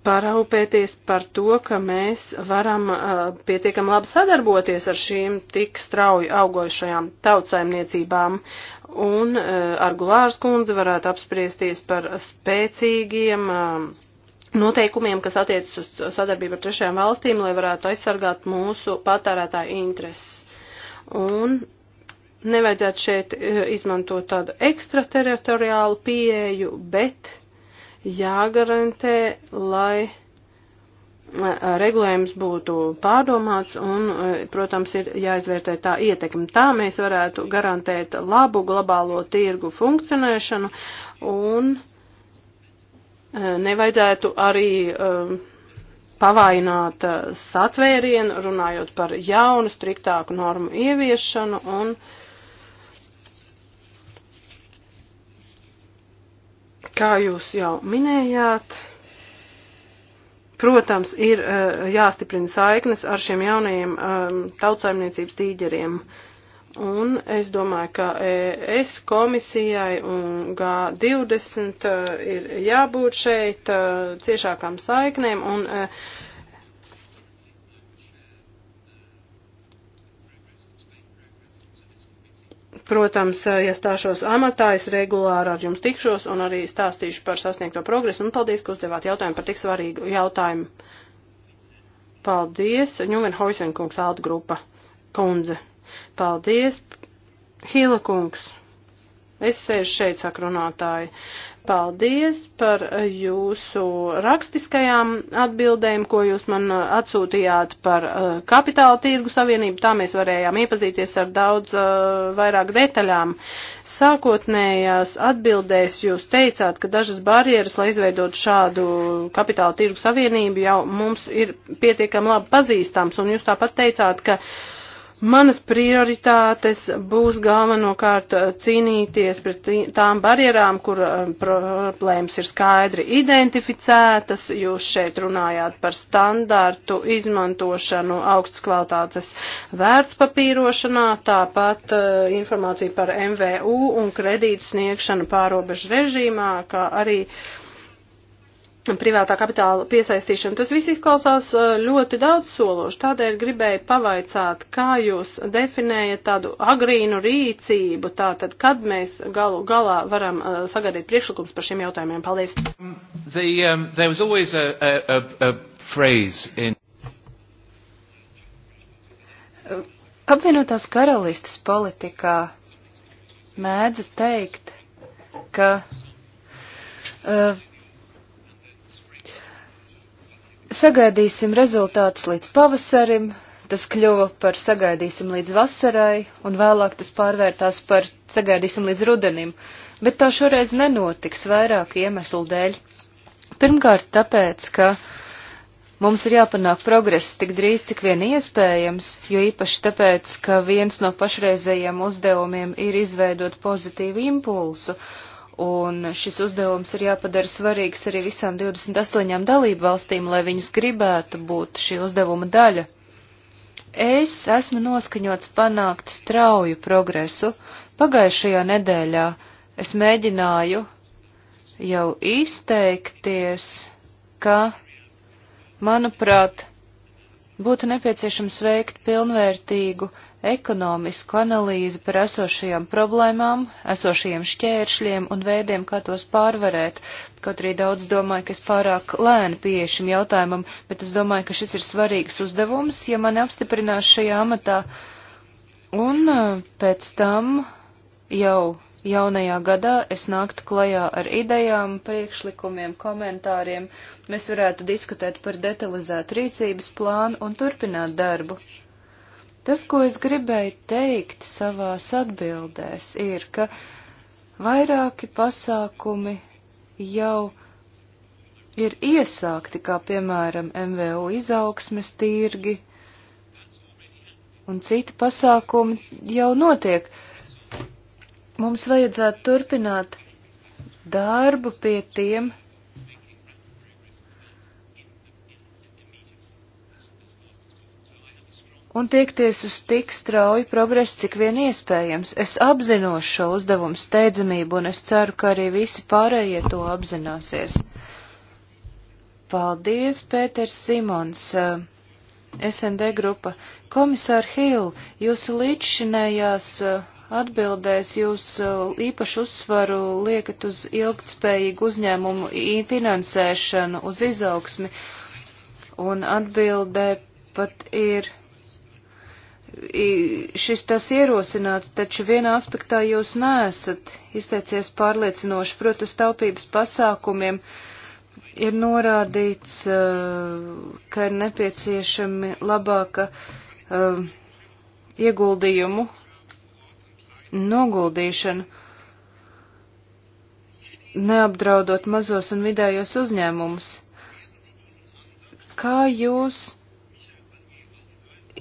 paraupēties par to, ka mēs varam uh, pietiekam labi sadarboties ar šīm tik strauji augošajām tautsaimniecībām. Un uh, ar Gulārs kundzi varētu apspriesties par spēcīgiem uh, noteikumiem, kas attiecas uz sadarbību ar trešajām valstīm, lai varētu aizsargāt mūsu patērētāju intereses. Un nevajadzētu šeit uh, izmantot tādu ekstrateritoriālu pieeju, bet jāgarantē, lai e, regulējums būtu pārdomāts un, e, protams, ir jāizvērtē tā ietekme. Tā mēs varētu garantēt labu globālo tirgu funkcionēšanu un e, nevajadzētu arī um, pavājināt satvērienu, runājot par jaunu, striktāku normu ieviešanu un uh, Kā jūs jau minējāt, protams, ir eh, jāstiprina saiknes ar šiem jaunajiem ehm, tautsaimniecības tīģeriem. Un es domāju, ka eh, es komisijai un G20 eh, ir jābūt šeit ciešākām saiknēm un uh, Protams, eh, ja stāšos amatā, es regulāri ar jums tikšos un arī stāstīšu par sasniegto progresu. Un nu, paldies, ka uzdevāt jautājumu par tik svarīgu jautājumu. Paldies, Ņumen Hoisenkungs, Alta grupa, kundze. Paldies, Hila kungs. Es sēžu šeit, saka runātāji. Paldies par jūsu rakstiskajām atbildēm, ko jūs man atsūtījāt par uh, kapitāla tirgu savienību. Tā mēs varējām iepazīties ar daudz uh, vairāk detaļām. Sākotnējās atbildēs jūs teicāt, ka dažas barjeras, lai izveidot šādu kapitāla tirgu savienību, jau mums ir pietiekami labi pazīstams, un jūs tāpat teicāt, ka uh, Manas prioritātes būs galvenokārt eh, cīnīties pret tām barjerām, kur eh, problēmas ir skaidri identificētas. Jūs šeit runājāt par standārtu izmantošanu augstas kvalitātes vērtspapīrošanā, tāpat eh, informācija par MVU un kredītu sniegšanu pārobežu režīmā, kā arī uh, privātā kapitāla piesaistīšana. Tas viss izklausās uh, ļoti daudz sološi, tādēļ gribēju pavaicāt, kā jūs definējat tādu agrīnu rīcību, tātad, kad mēs galu galā varam uh, sagaidīt priekšlikums par šiem jautājumiem. Paldies! Um, The, um, there was always a, a, a, a phrase in... Apvienotās karalistas politikā mēdza teikt, ka uh, Sagaidīsim rezultātus līdz pavasarim, tas kļuva par sagaidīsim līdz vasarai, un vēlāk tas pārvērtās par sagaidīsim līdz rudenim, bet tā šoreiz nenotiks vairāku iemeslu dēļ. Pirmkārt, tāpēc, ka mums ir jāpanāk progress tik drīz, cik vien iespējams, jo īpaši tāpēc, ka viens no pašreizējiem uzdevumiem ir izveidot pozitīvu impulsu, Un šis uzdevums ir jāpadara svarīgs arī visām 28 dalību valstīm, lai viņas gribētu būt šī uzdevuma daļa. Es esmu noskaņots panākt strauju progresu. Pagājušajā nedēļā es mēģināju jau izteikties, ka, manuprāt, būtu nepieciešams veikt pilnvērtīgu ekonomisku analīzi par esošajām problēmām, esošajiem šķēršļiem un veidiem, kā tos pārvarēt. Kaut arī daudz domāju, ka es pārāk lēni pieeju šim jautājumam, bet es domāju, ka šis ir svarīgs uzdevums, ja mani apstiprinās šajā amatā. Un eh, pēc tam jau jaunajā gadā es nāktu klajā ar idejām, priekšlikumiem, komentāriem. Mēs varētu diskutēt par detalizētu rīcības plānu un turpināt darbu. Tas, ko es gribēju teikt savās atbildēs, ir, ka vairāki pasākumi jau ir iesākti, kā piemēram MVU izaugsmes tirgi un citi pasākumi jau notiek. Mums vajadzētu turpināt darbu pie tiem un tiekties uz tik strauju progresu, cik vien iespējams. Es apzinos šo uzdevumu steidzamību, un es ceru, ka arī visi pārējie to apzināsies. Paldies, Pēters Simons, eh, SND grupa. Komisār Hill, jūsu līdzšinējās eh, atbildēs jūs eh, īpašu uzsvaru liekat uz ilgtspējīgu uzņēmumu finansēšanu, uz izaugsmi, un atbildē pat ir šis tas ierosināts, taču vienā aspektā jūs neesat izteicies pārliecinoši, proti uz taupības pasākumiem ir norādīts, eh, ka ir nepieciešami labāka eh, ieguldījumu noguldīšana, neapdraudot mazos un vidējos uzņēmumus. Kā jūs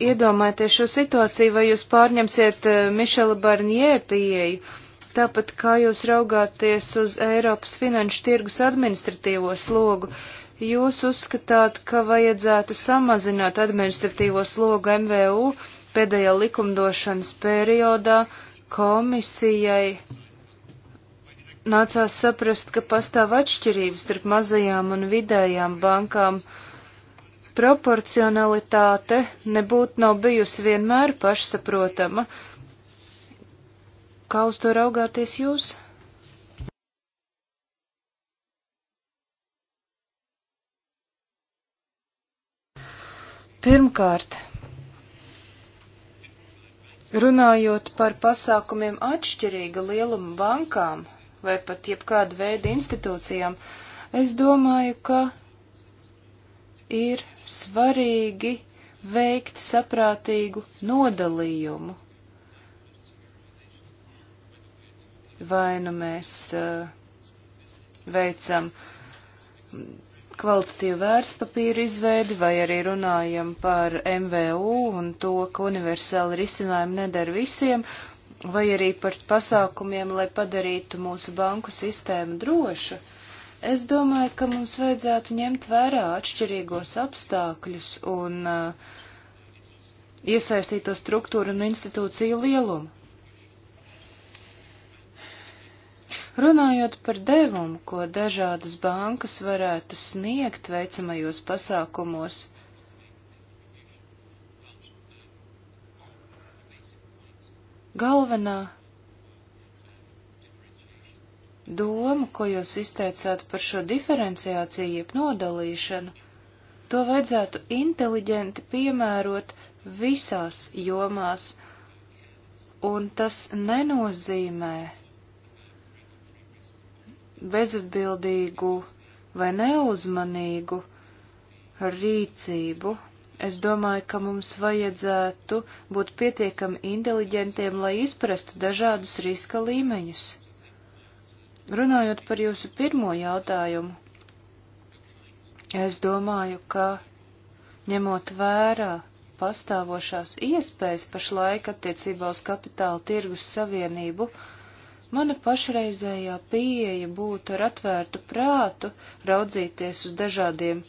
iedomājieties šo situāciju, vai jūs pārņemsiet eh, Mišela Barnie pieeju, tāpat kā jūs raugāties uz Eiropas finanšu tirgus administratīvo slogu. Jūs uzskatāt, ka vajadzētu samazināt administratīvo slogu MVU pēdējā likumdošanas periodā komisijai nācās saprast, ka pastāv atšķirības starp mazajām un vidējām bankām. Uh, Proporcionalitāte nebūtu nav bijusi vienmēr pašsaprotama. Kā uz to raugāties jūs? Pirmkārt, runājot par pasākumiem atšķirīga lieluma bankām vai pat jebkāda veida institūcijām, es domāju, ka ir svarīgi veikt saprātīgu nodalījumu. Vai nu mēs uh, veicam kvalitatīvu vērtspapīru izveidi, vai arī runājam par MVU un to, ka universāli risinājumi nedara visiem, vai arī par pasākumiem, lai padarītu mūsu banku sistēmu drošu. Uh, Es domāju, ka mums vajadzētu ņemt vērā atšķirīgos apstākļus un uh, iesaistīto struktūru un institūciju lielumu. Runājot par devumu, ko dažādas bankas varētu sniegt veicamajos pasākumos, galvenā domu, ko jūs izteicāt par šo diferenciāciju, jeb nodalīšanu, to vajadzētu inteliģenti piemērot visās jomās, un tas nenozīmē bezatbildīgu vai neuzmanīgu rīcību. Es domāju, ka mums vajadzētu būt pietiekami inteliģentiem, lai izprastu dažādus riska līmeņus. Runājot par jūsu pirmo jautājumu, es domāju, ka ņemot vērā pastāvošās iespējas pašlaik attiecībā uz kapitāla tirgus savienību, mana pašreizējā pieeja būtu ar atvērtu prātu raudzīties uz dažādiem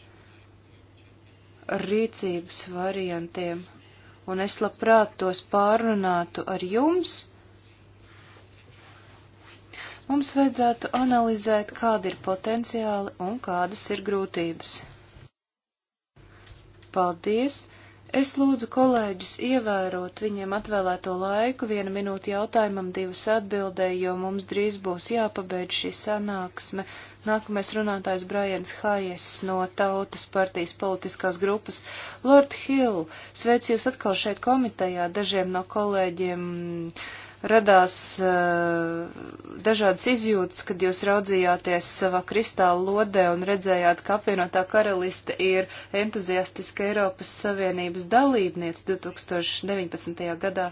rīcības variantiem, un es labprāt tos pārunātu ar jums Mums vajadzētu analizēt, kādi ir potenciāli un kādas ir grūtības. Paldies! Es lūdzu kolēģus ievērot viņiem atvēlēto laiku, viena minūte jautājumam, divas atbildēji, jo mums drīz būs jāpabeidz šī sanāksme. Nākamais runātājs Brajans Hajies no Tautas partijas politiskās grupas. Lord Hill, sveicu jūs atkal šeit komitejā, dažiem no kolēģiem. Uh, radās uh, dažādas izjūtas, kad jūs raudzījāties savā kristāla lodē un redzējāt, ka apvienotā karaliste ir entuziastiska Eiropas Savienības dalībniece 2019. gadā.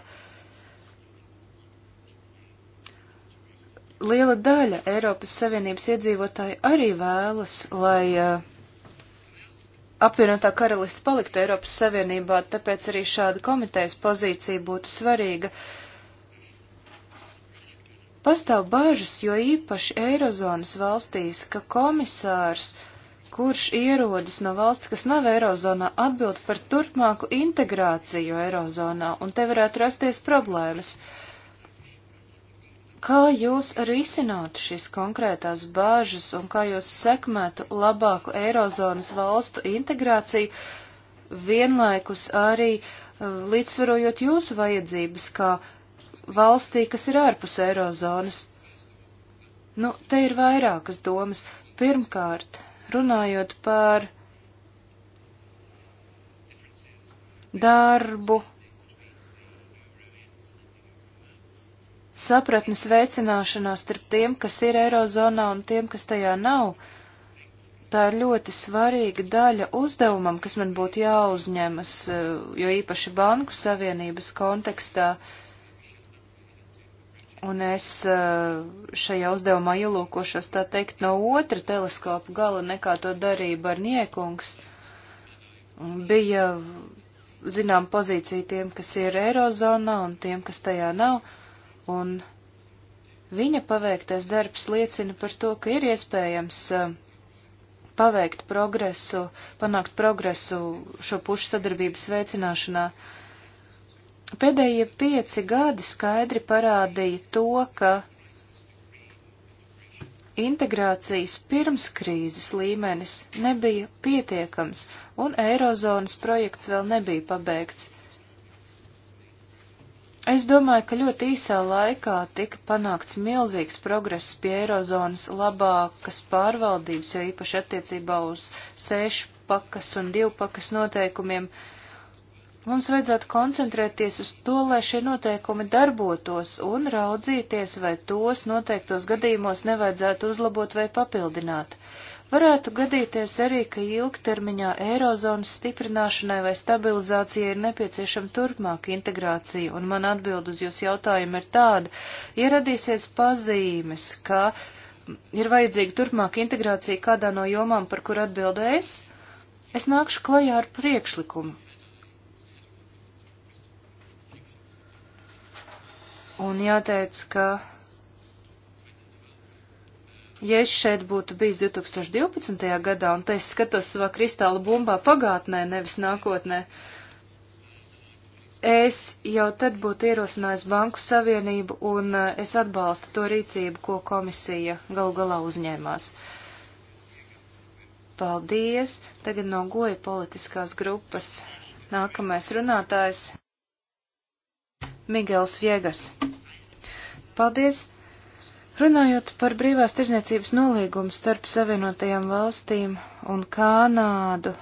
Liela daļa Eiropas Savienības iedzīvotāji arī vēlas, lai uh, apvienotā karaliste paliktu Eiropas Savienībā, tāpēc arī šāda komitejas pozīcija būtu svarīga. Uh, Pastāv bažas, jo īpaši Eirozonas valstīs, ka komisārs, kurš ierodas no valsts, kas nav Eirozonā, atbild par turpmāku integrāciju Eirozonā, un te varētu rasties problēmas. Kā jūs risinātu šīs konkrētās bāžas un kā jūs sekmētu labāku Eirozonas valstu integrāciju, vienlaikus arī uh, līdzsvarojot jūsu vajadzības kā valstī, kas ir ārpus eirozonas. Nu, te ir vairākas domas. Pirmkārt, runājot par darbu, sapratnes veicināšanā starp tiem, kas ir eirozonā un tiem, kas tajā nav. Tā ir ļoti svarīga daļa uzdevumam, kas man būtu jāuzņemas, eh, jo īpaši banku savienības kontekstā uh, Un es eh, šajā uzdevumā ielūkošos, tā teikt, no otra teleskopa gala, nekā to darīja Barniekungs. Bija, zinām, pozīcija tiem, kas ir Eirozonā un tiem, kas tajā nav. Un viņa paveiktais darbs liecina par to, ka ir iespējams eh, paveikt progresu, panākt progresu šo pušu sadarbības veicināšanā. Uh, Pēdējie pieci gadi skaidri parādīja to, ka integrācijas pirmskrīzes līmenis nebija pietiekams, un eirozonas projekts vēl nebija pabeigts. Es domāju, ka ļoti īsā laikā tika panākts milzīgs progress pie eirozonas labākas pārvaldības, jo īpaši attiecībā uz sešu pakas un divu pakas noteikumiem. Uh, Mums vajadzētu koncentrēties uz to, lai šie noteikumi darbotos un raudzīties, vai tos noteiktos gadījumos nevajadzētu uzlabot vai papildināt. Varētu gadīties arī, ka ilgtermiņā eirozonas stiprināšanai vai stabilizācijai ir nepieciešama turpmāka integrācija, un man atbild uz jūsu jautājumu ir tāda, ieradīsies pazīmes, ka ir vajadzīga turpmāka integrācija kādā no jomām, par kur atbildu es, es nākšu klajā ar priekšlikumu, Un jāteic, ka, ja es šeit būtu bijis 2012. gadā, un te es skatos savā kristāla bumbā pagātnē, nevis nākotnē, es jau tad būtu ierosinājis Banku Savienību, un eh, es atbalstu to rīcību, ko komisija galu galā uzņēmās. Paldies! Tagad no goja politiskās grupas nākamais runātājs. Migels Viegas. Paldies! Runājot par brīvās tirzniecības nolīgumu starp Savienotajām valstīm un Kanādu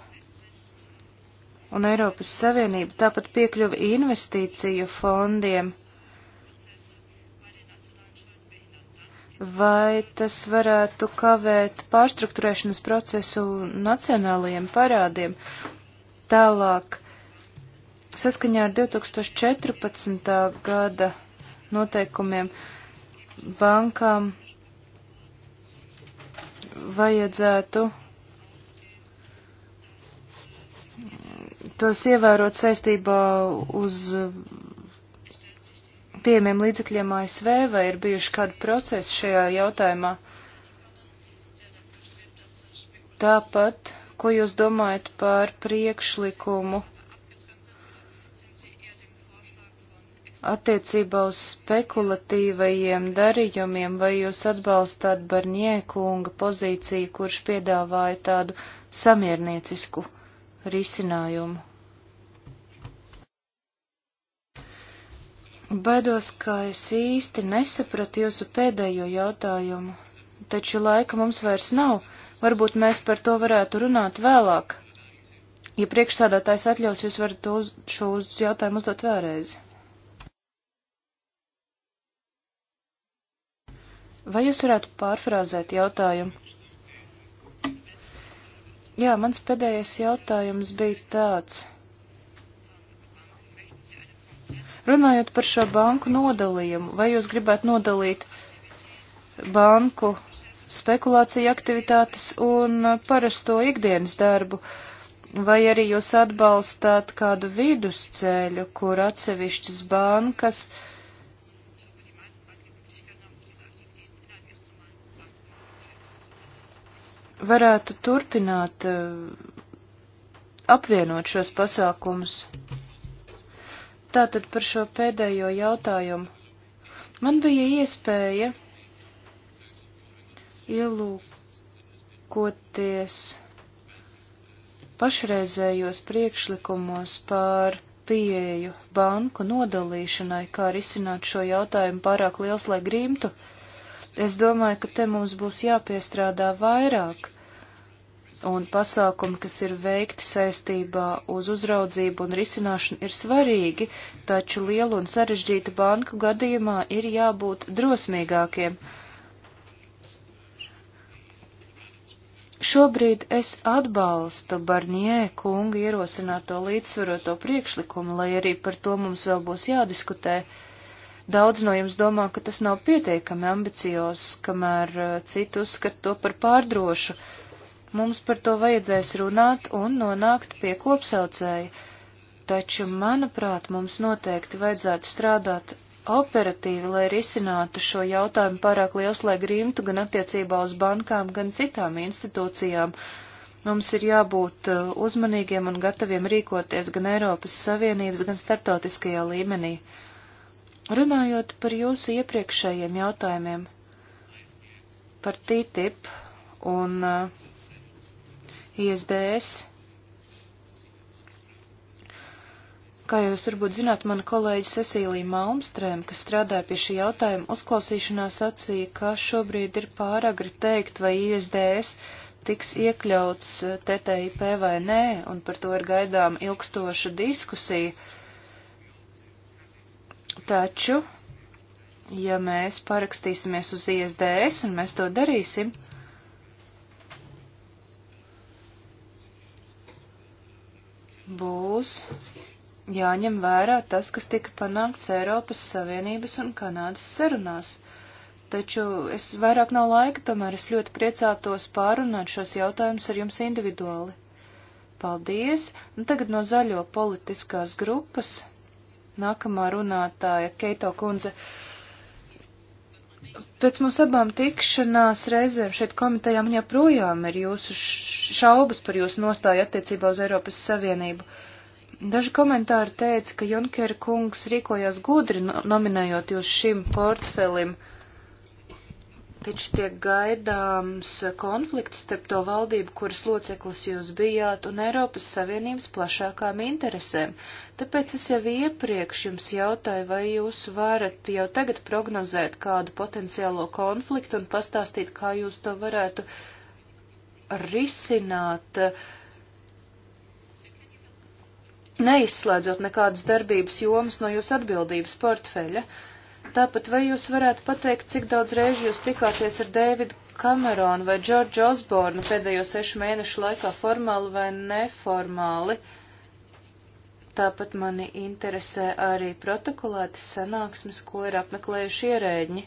un Eiropas Savienību, tāpat piekļuva investīciju fondiem. Vai tas varētu kavēt pārstruktūrēšanas procesu nacionālajiem parādiem? Tālāk Saskaņā ar 2014. gada noteikumiem bankām vajadzētu tos ievērot saistībā uz pieejamiem līdzekļiem ASV, vai ir bijuši kādi procesi šajā jautājumā? Tāpat, ko jūs domājat par priekšlikumu Attiecībā uz spekulatīvajiem darījumiem, vai jūs atbalstāt Barņiekunga pozīciju, kurš piedāvāja tādu samierniecisku risinājumu? Baidos, ka es īsti nesapratu jūsu pēdējo jautājumu, taču laika mums vairs nav. Varbūt mēs par to varētu runāt vēlāk. Ja priekšsādātājs atļaus, jūs varat uz, šo uz jautājumu uzdot vēlreiz. Vai jūs varētu pārfrāzēt jautājumu? Jā, mans pēdējais jautājums bija tāds. Runājot par šo banku nodalījumu, vai jūs gribētu nodalīt banku spekulāciju aktivitātes un parasto ikdienas darbu, vai arī jūs atbalstāt kādu vidusceļu, kur atsevišķas bankas uh, varētu turpināt eh, apvienot šos pasākumus. Tātad par šo pēdējo jautājumu. Man bija iespēja ielūkoties pašreizējos priekšlikumos pār pieeju banku nodalīšanai, kā risināt šo jautājumu pārāk liels, lai grimtu. Uh, Es domāju, ka te mums būs jāpiestrādā vairāk, un pasākumi, kas ir veikti saistībā uz uzraudzību un risināšanu, ir svarīgi, taču lielu un sarežģītu banku gadījumā ir jābūt drosmīgākiem. Šobrīd es atbalstu Barnie kunga ierosināto līdzsvaroto priekšlikumu, lai arī par to mums vēl būs jādiskutē. Uh, Daudz no jums domā, ka tas nav pietiekami ambiciozs, kamēr eh, citi uzskata to par pārdrošu. Mums par to vajadzēs runāt un nonākt pie kopsaucēja, taču, manuprāt, mums noteikti vajadzētu strādāt operatīvi, lai risinātu šo jautājumu pārāk liels, lai grimtu gan attiecībā uz bankām, gan citām institūcijām. Mums ir jābūt eh, uzmanīgiem un gataviem rīkoties gan Eiropas Savienības, gan starptautiskajā līmenī. Runājot par jūsu iepriekšējiem jautājumiem par TTIP un uh, ISDS, kā jūs varbūt zināt, mana kolēģa Cecīlija Malmstrēm, kas strādāja pie šī jautājuma, uzklausīšanā sacīja, ka šobrīd ir pāragri teikt, vai ISDS tiks iekļauts uh, TTIP vai nē, un par to ir gaidām ilgstoša diskusija. Uh, Taču, ja mēs parakstīsimies uz ISDS, un mēs to darīsim, būs jāņem vērā tas, kas tika panākts Eiropas Savienības un Kanādas sarunās. Taču es vairāk nav laika, tomēr es ļoti priecātos pārunāt šos jautājumus ar jums individuāli. Paldies! Un tagad no zaļo politiskās grupas Nākamā runātāja Keito kundze. Pēc mums abām tikšanās reizēm šeit komitejām joprojām ir jūsu šaubas par jūsu nostāju attiecībā uz Eiropas Savienību. Daži komentāri teica, ka Junkera kungs rīkojās gudri nominējot jūs šim portfelim. Uh, Taču tiek gaidāms konflikts starp to valdību, kuras loceklis jūs bijāt, un Eiropas Savienības plašākām interesēm. Tāpēc es jau iepriekš jums jautāju, vai jūs varat jau tagad prognozēt kādu potenciālo konfliktu un pastāstīt, kā jūs to varētu risināt, neizslēdzot nekādas darbības jomas no jūsu atbildības portfeļa. Uh, Tāpat vai jūs varētu pateikt, cik daudz reižu jūs tikāties ar Dēvidu Kameronu vai Džordžu Osbornu pēdējo sešu mēnešu laikā formāli vai neformāli? Tāpat mani interesē arī protokolētas sanāksmes, ko ir apmeklējuši ierēģi.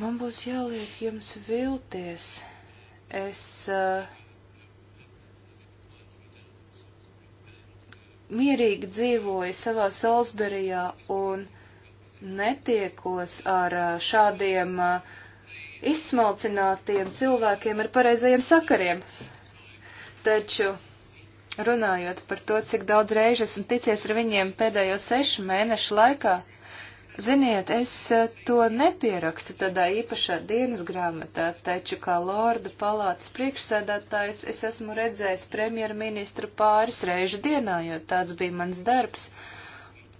Man būs jāliek jums vilties. Es uh, mierīgi dzīvoju savā Salisburijā un netiekos ar šādiem izsmalcinātiem cilvēkiem ar pareizajiem sakariem. Taču runājot par to, cik daudz reižu esmu ticies ar viņiem pēdējo sešu mēnešu laikā, ziniet, es to nepierakstu tādā īpašā dienas grāmatā, taču kā Lorda palātas priekšsēdētājs es esmu redzējis premjerministru pāris reižu dienā, jo tāds bija mans darbs. Uh,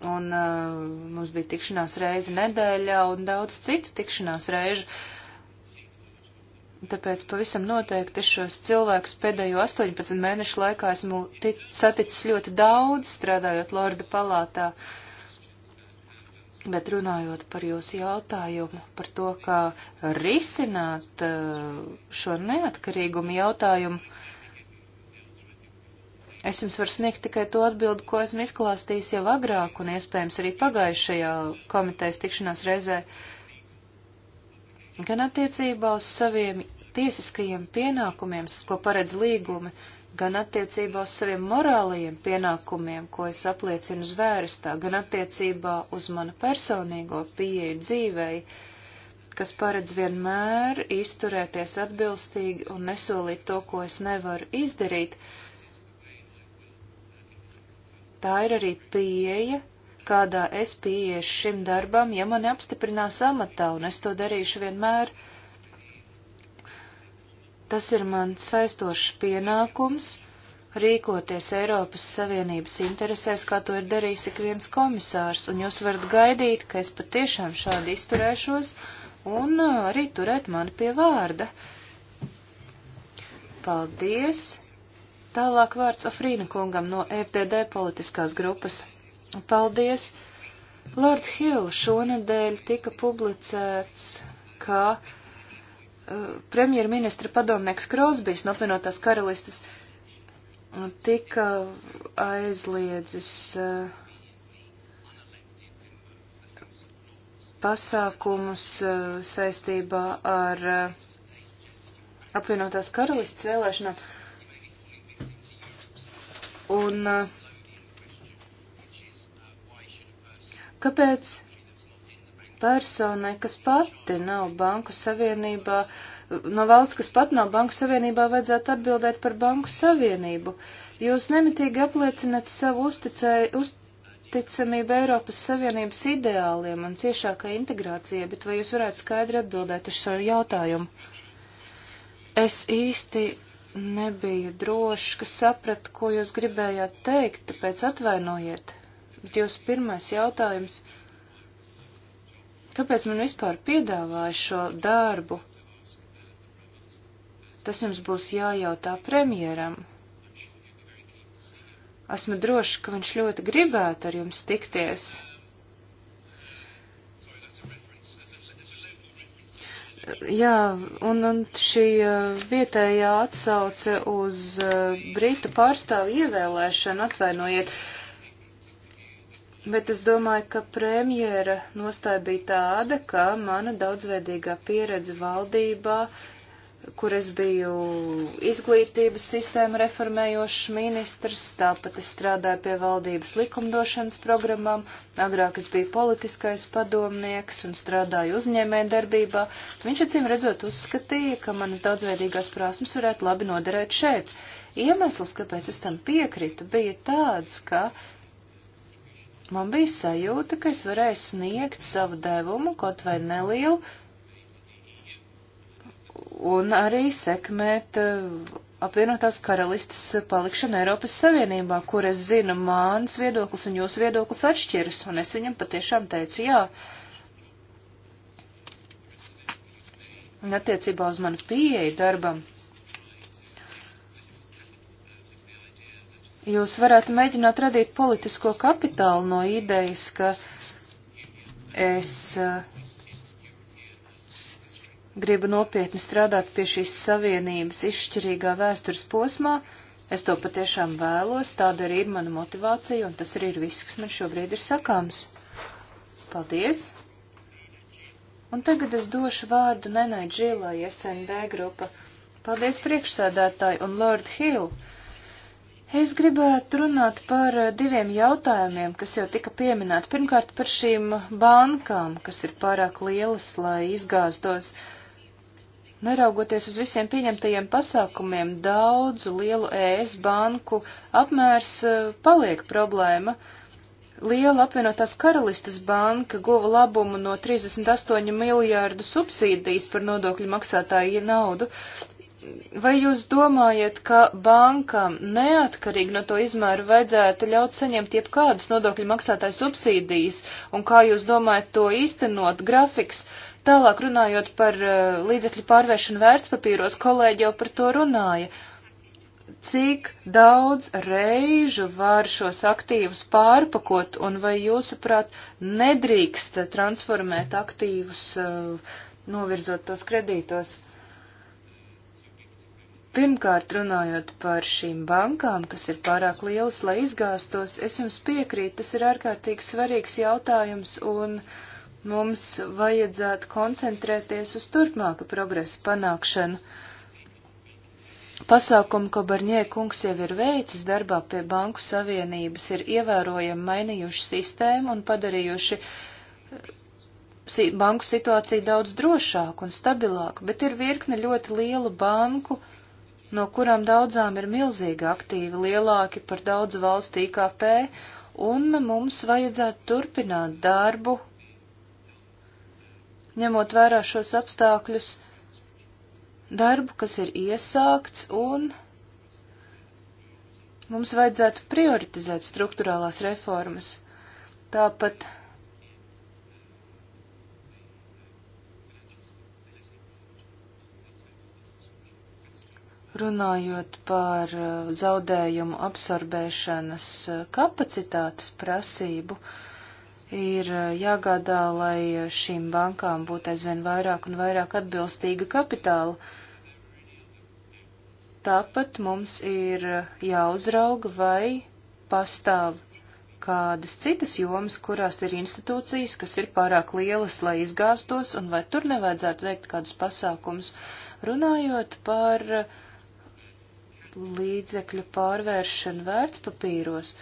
Un uh, mums bija tikšanās reize nedēļā un daudz citu tikšanās reižu. Tāpēc pavisam noteikti es šos cilvēkus pēdējo 18 mēnešu laikā esmu tik, saticis ļoti daudz, strādājot Lorda palātā. Bet runājot par jūsu jautājumu, par to, kā risināt uh, šo neatkarīgumu jautājumu, Es jums varu sniegt tikai to atbildi, ko esmu izklāstījis jau agrāk un iespējams arī pagājušajā komitejas tikšanās reizē. Gan attiecībā uz saviem tiesiskajiem pienākumiem, ko paredz līgumi, gan attiecībā uz saviem morālajiem pienākumiem, ko es apliecinu zvērstā, gan attiecībā uz manu personīgo pieeju dzīvei, kas paredz vienmēr izturēties atbilstīgi un nesolīt to, ko es nevaru izdarīt, uh, Tā ir arī pieeja, kādā es pieiešu šim darbam, ja mani apstiprinās amatā, un es to darīšu vienmēr. Tas ir mans saistošs pienākums rīkoties Eiropas Savienības interesēs, kā to ir darījis ik viens komisārs, un jūs varat gaidīt, ka es patiešām šādi izturēšos un uh, arī turēt mani pie vārda. Paldies! Tālāk vārds Ofrīna kungam no FDD politiskās grupas. Paldies! Lord Hill šonadēļ tika publicēts, ka uh, premjerministra padomnieks Krosbīs no apvienotās karalistas uh, tika aizliedzis uh, pasākumus uh, saistībā ar uh, apvienotās karalistas vēlēšanām Un kāpēc personai, kas pati nav banku savienībā, no valsts, kas pat nav banku savienībā, vajadzētu atbildēt par banku savienību? Jūs nemitīgi apliecinat savu uzticēju, uz, uzticamība Eiropas Savienības ideāliem un ciešākai integrācijai, bet vai jūs varētu skaidri atbildēt uz šo jautājumu? Es īsti nebiju drošs, ka sapratu, ko jūs gribējāt teikt, tāpēc atvainojiet. Bet jūs pirmais jautājums, kāpēc man vispār piedāvāja šo darbu? Tas jums būs jājautā premjeram. Esmu drošs, ka viņš ļoti gribētu ar jums tikties. jā, un, un šī eh, vietējā atsauce uz eh, Britu pārstāvu ievēlēšanu atvainojiet, bet es domāju, ka premjera nostāja bija tāda, ka mana daudzveidīgā pieredze valdībā uh, kur es biju izglītības sistēma reformējošs ministrs, tāpat es strādāju pie valdības likumdošanas programmām, agrāk es biju politiskais padomnieks un strādāju uzņēmē darbībā. Viņš acīm redzot uzskatīja, ka manas daudzveidīgās prasmes varētu labi noderēt šeit. Iemesls, kāpēc es tam piekritu, bija tāds, ka man bija sajūta, ka es varēju sniegt savu devumu, kaut vai nelielu, un arī sekmēt eh, apvienotās karalistas palikšanu Eiropas Savienībā, kur es zinu, mans viedoklis un jūsu viedoklis atšķiras, un es viņam patiešām teicu jā. Un attiecībā uz manu pieeju darbam. Jūs varētu mēģināt radīt politisko kapitālu no idejas, ka es uh, gribu nopietni strādāt pie šīs savienības izšķirīgā vēstures posmā. Es to patiešām vēlos, tāda arī ir mana motivācija, un tas arī ir viss, kas man šobrīd ir sakāms. Paldies! Un tagad es došu vārdu Nenai Džilai, SND grupa. Paldies priekšsēdētāji un Lord Hill! Es gribētu runāt par eh, diviem jautājumiem, kas jau tika pieminēti. Pirmkārt, par šīm bankām, kas ir pārāk lielas, lai izgāztos. Uh, Neraugoties uz visiem pieņemtajiem pasākumiem, daudzu lielu ES banku apmērs e, paliek problēma. Liela apvienotās karalistas banka guva labumu no 38 miljārdu subsīdijas par nodokļu maksātāju naudu. Vai jūs domājat, ka bankām neatkarīgi no to izmēru vajadzētu ļaut saņemt jebkādas nodokļu maksātāju subsīdijas, un kā jūs domājat to īstenot grafiks? Uh, Tālāk runājot par eh, līdzekļu pārvēršanu vērtspapīros, kolēģi jau par to runāja. Cik daudz reižu var šos aktīvus pārpakot un vai jūsuprāt nedrīkst transformēt aktīvus, eh, novirzot tos kredītos? Pirmkārt, runājot par šīm bankām, kas ir pārāk lielas, lai izgāstos, es jums piekrītu, tas ir ārkārtīgi svarīgs jautājums, un mums vajadzētu koncentrēties uz turpmāka progresa panākšanu. Pasākumu, ko Barņē kungs jau ir veicis darbā pie Banku Savienības, ir ievērojami mainījuši sistēmu un padarījuši eh, banku situāciju daudz drošāku un stabilāku, bet ir virkne ļoti lielu banku, no kurām daudzām ir milzīgi aktīvi, lielāki par daudz valstu IKP, un mums vajadzētu turpināt darbu ņemot vērā šos apstākļus, darbu, kas ir iesākts, un mums vajadzētu prioritizēt struktūrālās reformas. Tāpat runājot par uh, zaudējumu absorbēšanas uh, kapacitātes prasību, uh, ir jāgādā, lai šīm bankām būtu aizvien vairāk un vairāk atbilstīga kapitāla. Tāpat mums ir jāuzrauga, vai pastāv kādas citas jomas, kurās ir institūcijas, kas ir pārāk lielas, lai izgāstos, un vai tur nevajadzētu veikt kādus pasākumus, runājot par līdzekļu pārvēršanu vērtspapīros. papīros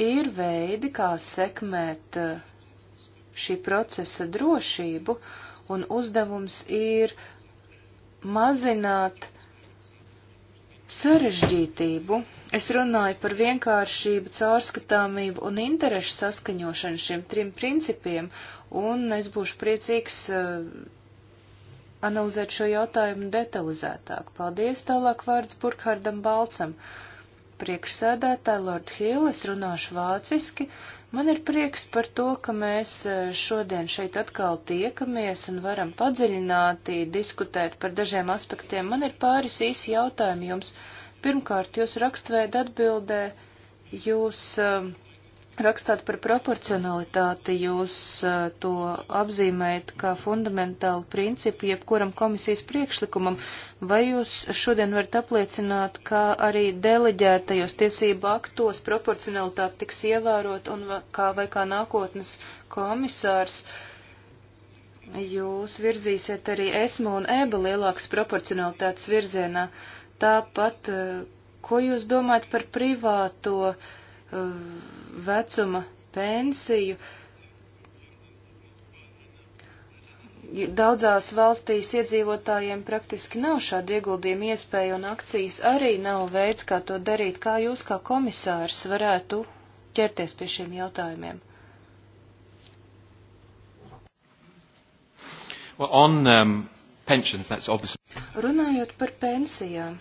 ir veidi, kā sekmēt eh, šī procesa drošību, un uzdevums ir mazināt sarežģītību. Es runāju par vienkāršību, caurskatāmību un interešu saskaņošanu šiem trim principiem, un es būšu priecīgs eh, analizēt šo jautājumu detalizētāk. Paldies tālāk vārds Burkhardam Balcam. Uh, priekšsēdētāji, Lord Hill, es runāšu vāciski. Man ir prieks par to, ka mēs e, šodien šeit atkal tiekamies un varam padziļināti diskutēt par dažiem aspektiem. Man ir pāris īsi jautājumi jums. Pirmkārt, jūs rakstveidu atbildē, jūs uh, Rakstot par proporcionalitāti, jūs eh, to apzīmējat kā fundamentālu principu jebkuram komisijas priekšlikumam, vai jūs šodien varat apliecināt, ka arī deleģētajos tiesību aktos proporcionalitāte tiks ievērot un kā vai kā nākotnes komisārs jūs virzīsiet arī esmu un eba lielākas proporcionalitātes virzienā. Tāpat, eh, ko jūs domājat par privāto uh, vecuma pensiju. Daudzās valstīs iedzīvotājiem praktiski nav šāda ieguldījuma iespēja, un akcijas arī nav veids, kā to darīt. Kā jūs, kā komisārs, varētu ķerties pie šiem jautājumiem? Well, on, um, pensions, that's obviously... Runājot par pensijām,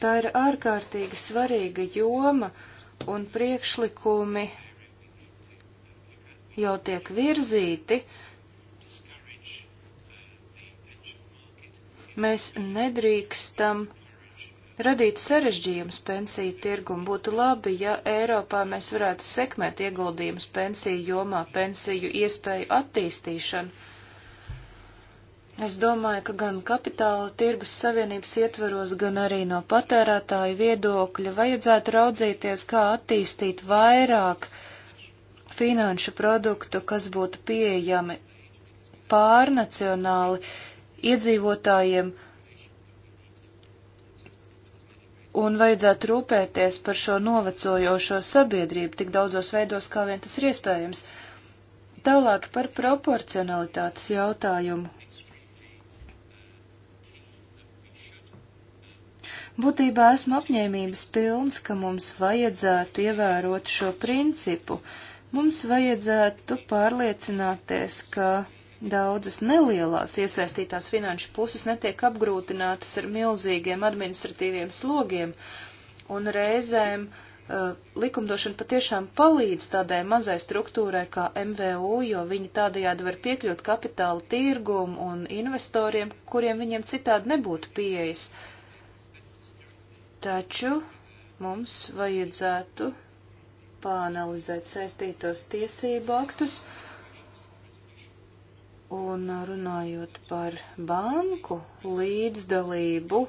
tā ir ārkārtīgi svarīga joma. Uh, un priekšlikumi jau tiek virzīti, mēs nedrīkstam radīt sarežģījumus pensiju tirgumu. Būtu labi, ja Eiropā mēs varētu sekmēt ieguldījumus pensiju jomā, pensiju iespēju attīstīšanu. Es domāju, ka gan kapitāla tirgus savienības ietveros, gan arī no patērētāju viedokļa vajadzētu raudzīties, kā attīstīt vairāk finanšu produktu, kas būtu pieejami pārnacionāli iedzīvotājiem, un vajadzētu rūpēties par šo novecojošo sabiedrību tik daudzos veidos, kā vien tas ir iespējams. Tālāk par proporcionalitātes jautājumu. Būtībā esmu apņēmības pilns, ka mums vajadzētu ievērot šo principu. Mums vajadzētu pārliecināties, ka daudzas nelielās iesaistītās finanšu puses netiek apgrūtinātas ar milzīgiem administratīviem slogiem, un reizēm uh, likumdošana patiešām palīdz tādai mazai struktūrai kā MVU, jo viņi tādajādi var piekļūt kapitāla tirgumu un investoriem, kuriem viņiem citādi nebūtu pieejas. Uh, Taču mums vajadzētu pāanalizēt saistītos tiesību aktus un runājot par banku līdzdalību,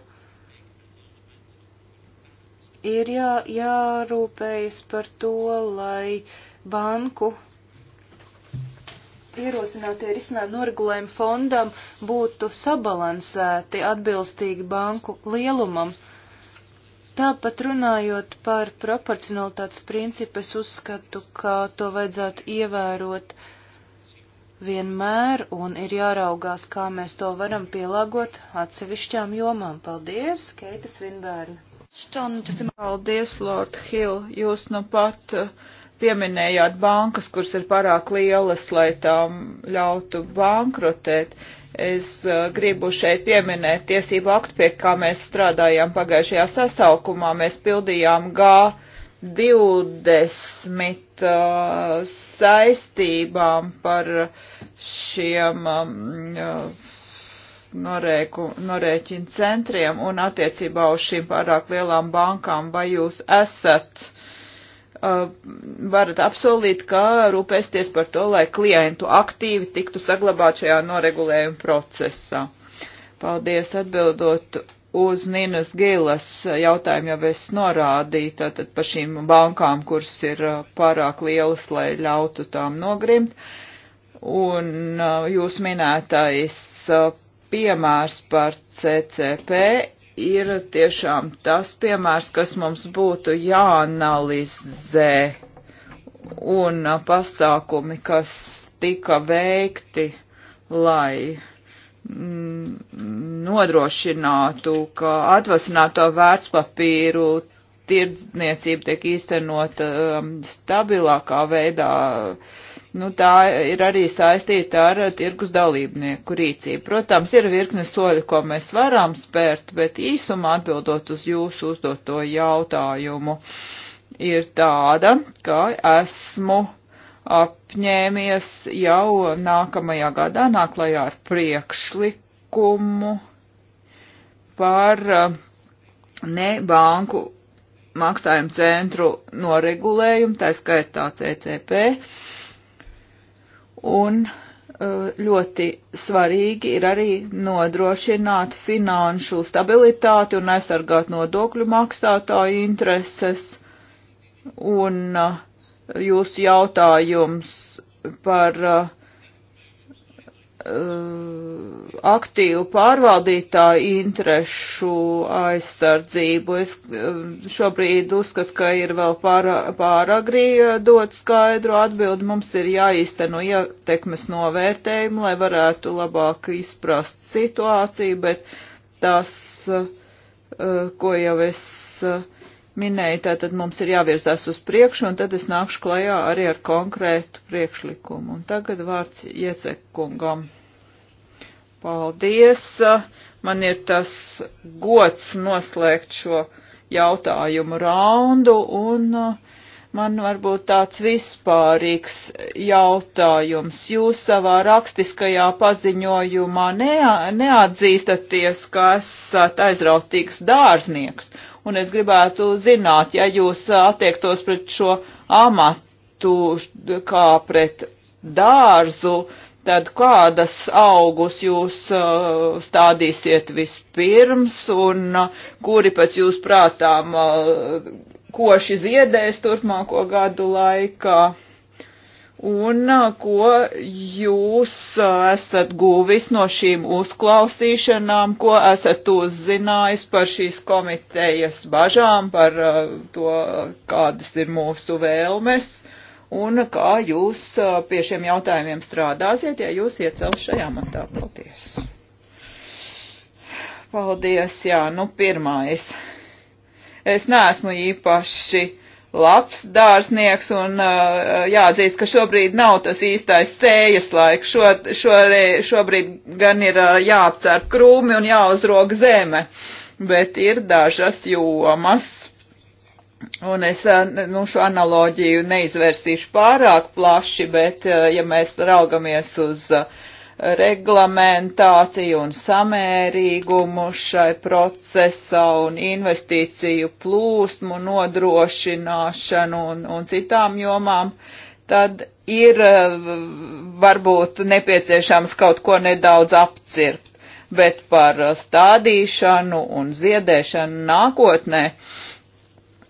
ir jā, jārūpējas par to, lai banku ierosinātie risinājumi noregulējumu fondam būtu sabalansēti atbilstīgi banku lielumam. Uh, Tāpat runājot par proporcionalitātes principu, es uzskatu, ka to vajadzētu ievērot vienmēr un ir jāraugās, kā mēs to varam pielāgot atsevišķām jomām. Paldies, Keita Svinbērna! Paldies, Lord Hill! Jūs nu pat uh, pieminējāt bankas, kuras ir pārāk lielas, lai tām ļautu bankrotēt. Es eh, gribu šeit pieminēt tiesību aktu, pie kā mēs strādājām pagājušajā sasaukumā. Mēs pildījām G20 eh, saistībām par šiem um, eh, norēku, norēķinu centriem un attiecībā uz šīm pārāk lielām bankām. Vai jūs esat? Uh, varat apsolīt, ka rūpēsties par to, lai klientu aktīvi tiktu saglabāt šajā noregulējuma procesā. Paldies atbildot uz Ninas Gilas jautājumu, jau es norādīju tātad par šīm bankām, kuras ir uh, pārāk lielas, lai ļautu tām nogrimt. Un uh, jūs minētais piemērs par CCP ir tiešām tas piemērs, kas mums būtu jāanalizē un pasākumi, kas tika veikti, lai mm, nodrošinātu, ka atvasināto vērtspapīru tirdzniecība tiek īstenot um, stabilākā veidā, uh, nu, tā ir arī saistīta ar uh, tirgus dalībnieku rīcību. Protams, ir virkne soļi, ko mēs varam spērt, bet īsumā atbildot uz jūsu uzdoto jautājumu, ir tāda, ka esmu apņēmies jau nākamajā gadā nāklajā ar priekšlikumu par uh, ne banku maksājumu centru noregulējumu, tā skaitā CCP, un e, ļoti svarīgi ir arī nodrošināt finanšu stabilitāti un aizsargāt nodokļu maksātāju intereses. Un e, jūsu jautājums par uh, Uh, aktīvu pārvaldītāju interešu aizsardzību. Es uh, šobrīd uzskatu, ka ir vēl pāragri uh, dot skaidru atbildi. Mums ir jāīsteno ietekmes novērtējumu, lai varētu labāk izprast situāciju, bet tas, ko jau es minēju, tātad mums ir jāvirzās uz priekšu, un tad es nākšu klajā arī ar konkrētu priekšlikumu. Un tagad vārds iecekungam. Paldies! Man ir tas gods noslēgt šo jautājumu raundu, un uh, man varbūt tāds vispārīgs jautājums. Jūs savā rakstiskajā paziņojumā nea neatzīstaties, ka esat aizrautīgs dārznieks un es gribētu zināt, ja jūs attiektos pret šo amatu kā pret dārzu, tad kādas augus jūs uh, stādīsiet vispirms un uh, kuri pēc jūs prātām uh, koši ziedēs turpmāko gadu laikā? un ko jūs esat guvis no šīm uzklausīšanām, ko esat uzzinājis par šīs komitejas bažām, par to, kādas ir mūsu vēlmes, un kā jūs pie šiem jautājumiem strādāsiet, ja jūs iecels šajā matā. Paldies! Paldies, jā, nu pirmais. Es neesmu īpaši labs dārznieks un uh, jāatzīst, ka šobrīd nav tas īstais sējas laiks. Šo, šore, šobrīd gan ir uh, jāapcer krūmi un jāuzrog zeme, bet ir dažas jomas. Un es uh, nu, šo analoģiju neizvērsīšu pārāk plaši, bet uh, ja mēs raugamies uz uh, reglamentāciju un samērīgumu šai procesā un investīciju plūsmu nodrošināšanu un, un citām jomām, tad ir eh, varbūt nepieciešams kaut ko nedaudz apcirkt, bet par stādīšanu un ziedēšanu nākotnē uh,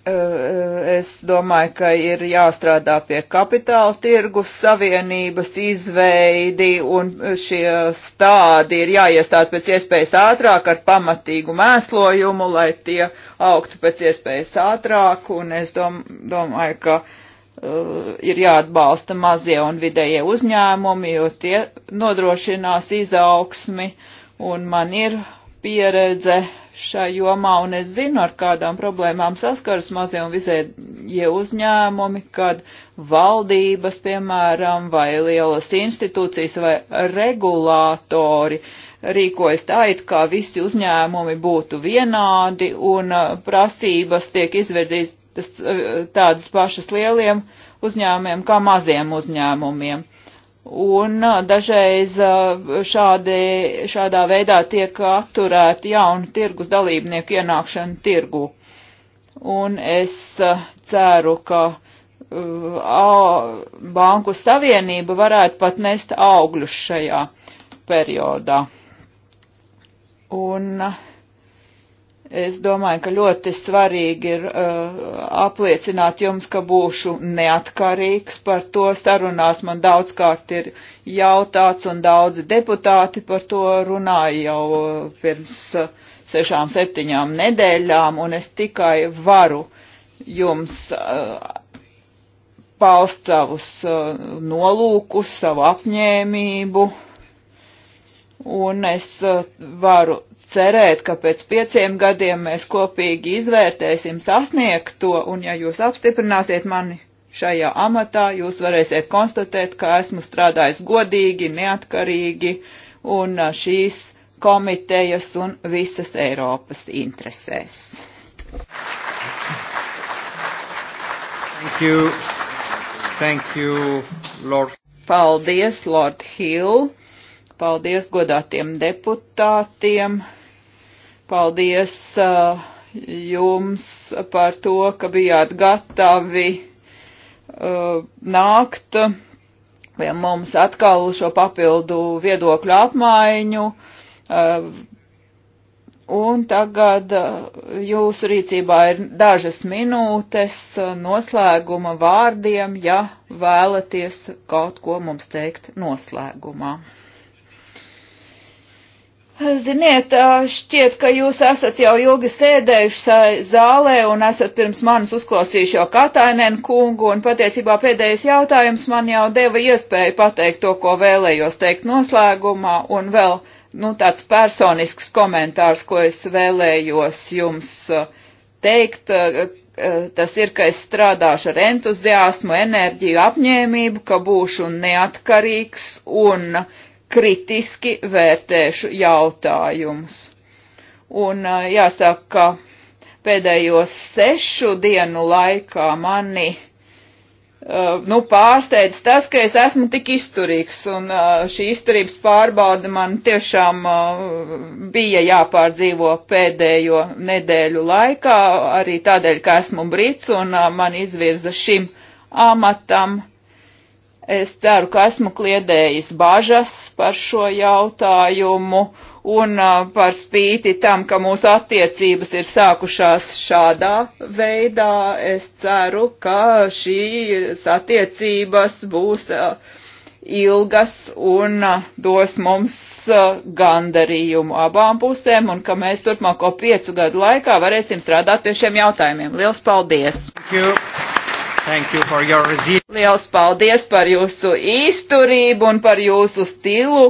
Eh, es domāju, ka ir jāstrādā pie kapitāla tirgus savienības izveidi, un šie stādi ir jāiestāda pēc iespējas ātrāk ar pamatīgu mēslojumu, lai tie augtu pēc iespējas ātrāk, un es dom domāju, ka uh, ir jāatbalsta mazie un vidējie uzņēmumi, jo tie nodrošinās izaugsmi, un man ir pieredze šai jomā, un es zinu, ar kādām problēmām saskaras mazie un vizējie uzņēmumi, kad valdības, piemēram, vai lielas institūcijas vai regulātori rīkojas tā, it kā visi uzņēmumi būtu vienādi, un uh, prasības tiek izvirzītas uh, tādas pašas lieliem uzņēmumiem kā maziem uzņēmumiem. Un dažreiz šādi, šādā veidā tiek atturēti jauni tirgus dalībnieku ienākšana tirgu. Un es ceru, ka uh, Banku savienība varētu pat nest augļus šajā periodā. Un uh, Es domāju, ka ļoti svarīgi ir uh, apliecināt jums, ka būšu neatkarīgs par to. Sarunās man daudzkārt ir jautāts un daudzi deputāti par to runāja jau uh, pirms uh, sešām, septiņām nedēļām, un es tikai varu jums uh, paust savus uh, nolūkus, savu apņēmību. Uh, Un es eh, varu cerēt, ka pēc pieciem gadiem mēs kopīgi izvērtēsim sasniegto, un ja jūs apstiprināsiet mani šajā amatā, jūs varēsiet konstatēt, ka esmu strādājis godīgi, neatkarīgi un eh, šīs komitejas un visas Eiropas interesēs. Thank you. Thank you, Lord. Paldies, Lord Hill. Paldies godātiem deputātiem. Paldies uh, jums par to, ka bijāt gatavi uh, nākt pie mums atkal šo papildu viedokļu apmaiņu. Uh, un tagad uh, jūsu rīcībā ir dažas minūtes noslēguma vārdiem, ja vēlaties kaut ko mums teikt noslēgumā. Ziniet, šķiet, ka jūs esat jau ilgi sēdējuši zālē un esat pirms manis uzklausījuši jau Katainen kungu, un patiesībā pēdējais jautājums man jau deva iespēju pateikt to, ko vēlējos teikt noslēgumā, un vēl, nu, tāds personisks komentārs, ko es vēlējos jums teikt, tas ir, ka es strādāšu ar entuziasmu, enerģiju, apņēmību, ka būšu neatkarīgs un kritiski vērtēšu jautājumus. Un jāsaka, ka pēdējos sešu dienu laikā mani nu, pārsteidz tas, ka es esmu tik izturīgs, un šī izturības pārbauda man tiešām bija jāpārdzīvo pēdējo nedēļu laikā, arī tādēļ, ka esmu brits un man izvirza šim amatam Es ceru, ka esmu kliedējis bažas par šo jautājumu un par spīti tam, ka mūsu attiecības ir sākušās šādā veidā, es ceru, ka šīs attiecības būs ilgas un dos mums gandarījumu abām pusēm un ka mēs turpmāko piecu gadu laikā varēsim strādāt pie šiem jautājumiem. Liels paldies! Thank you. You Liels paldies par jūsu izturību un par jūsu stilu,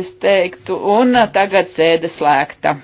es teiktu, un tagad sēde slēgta.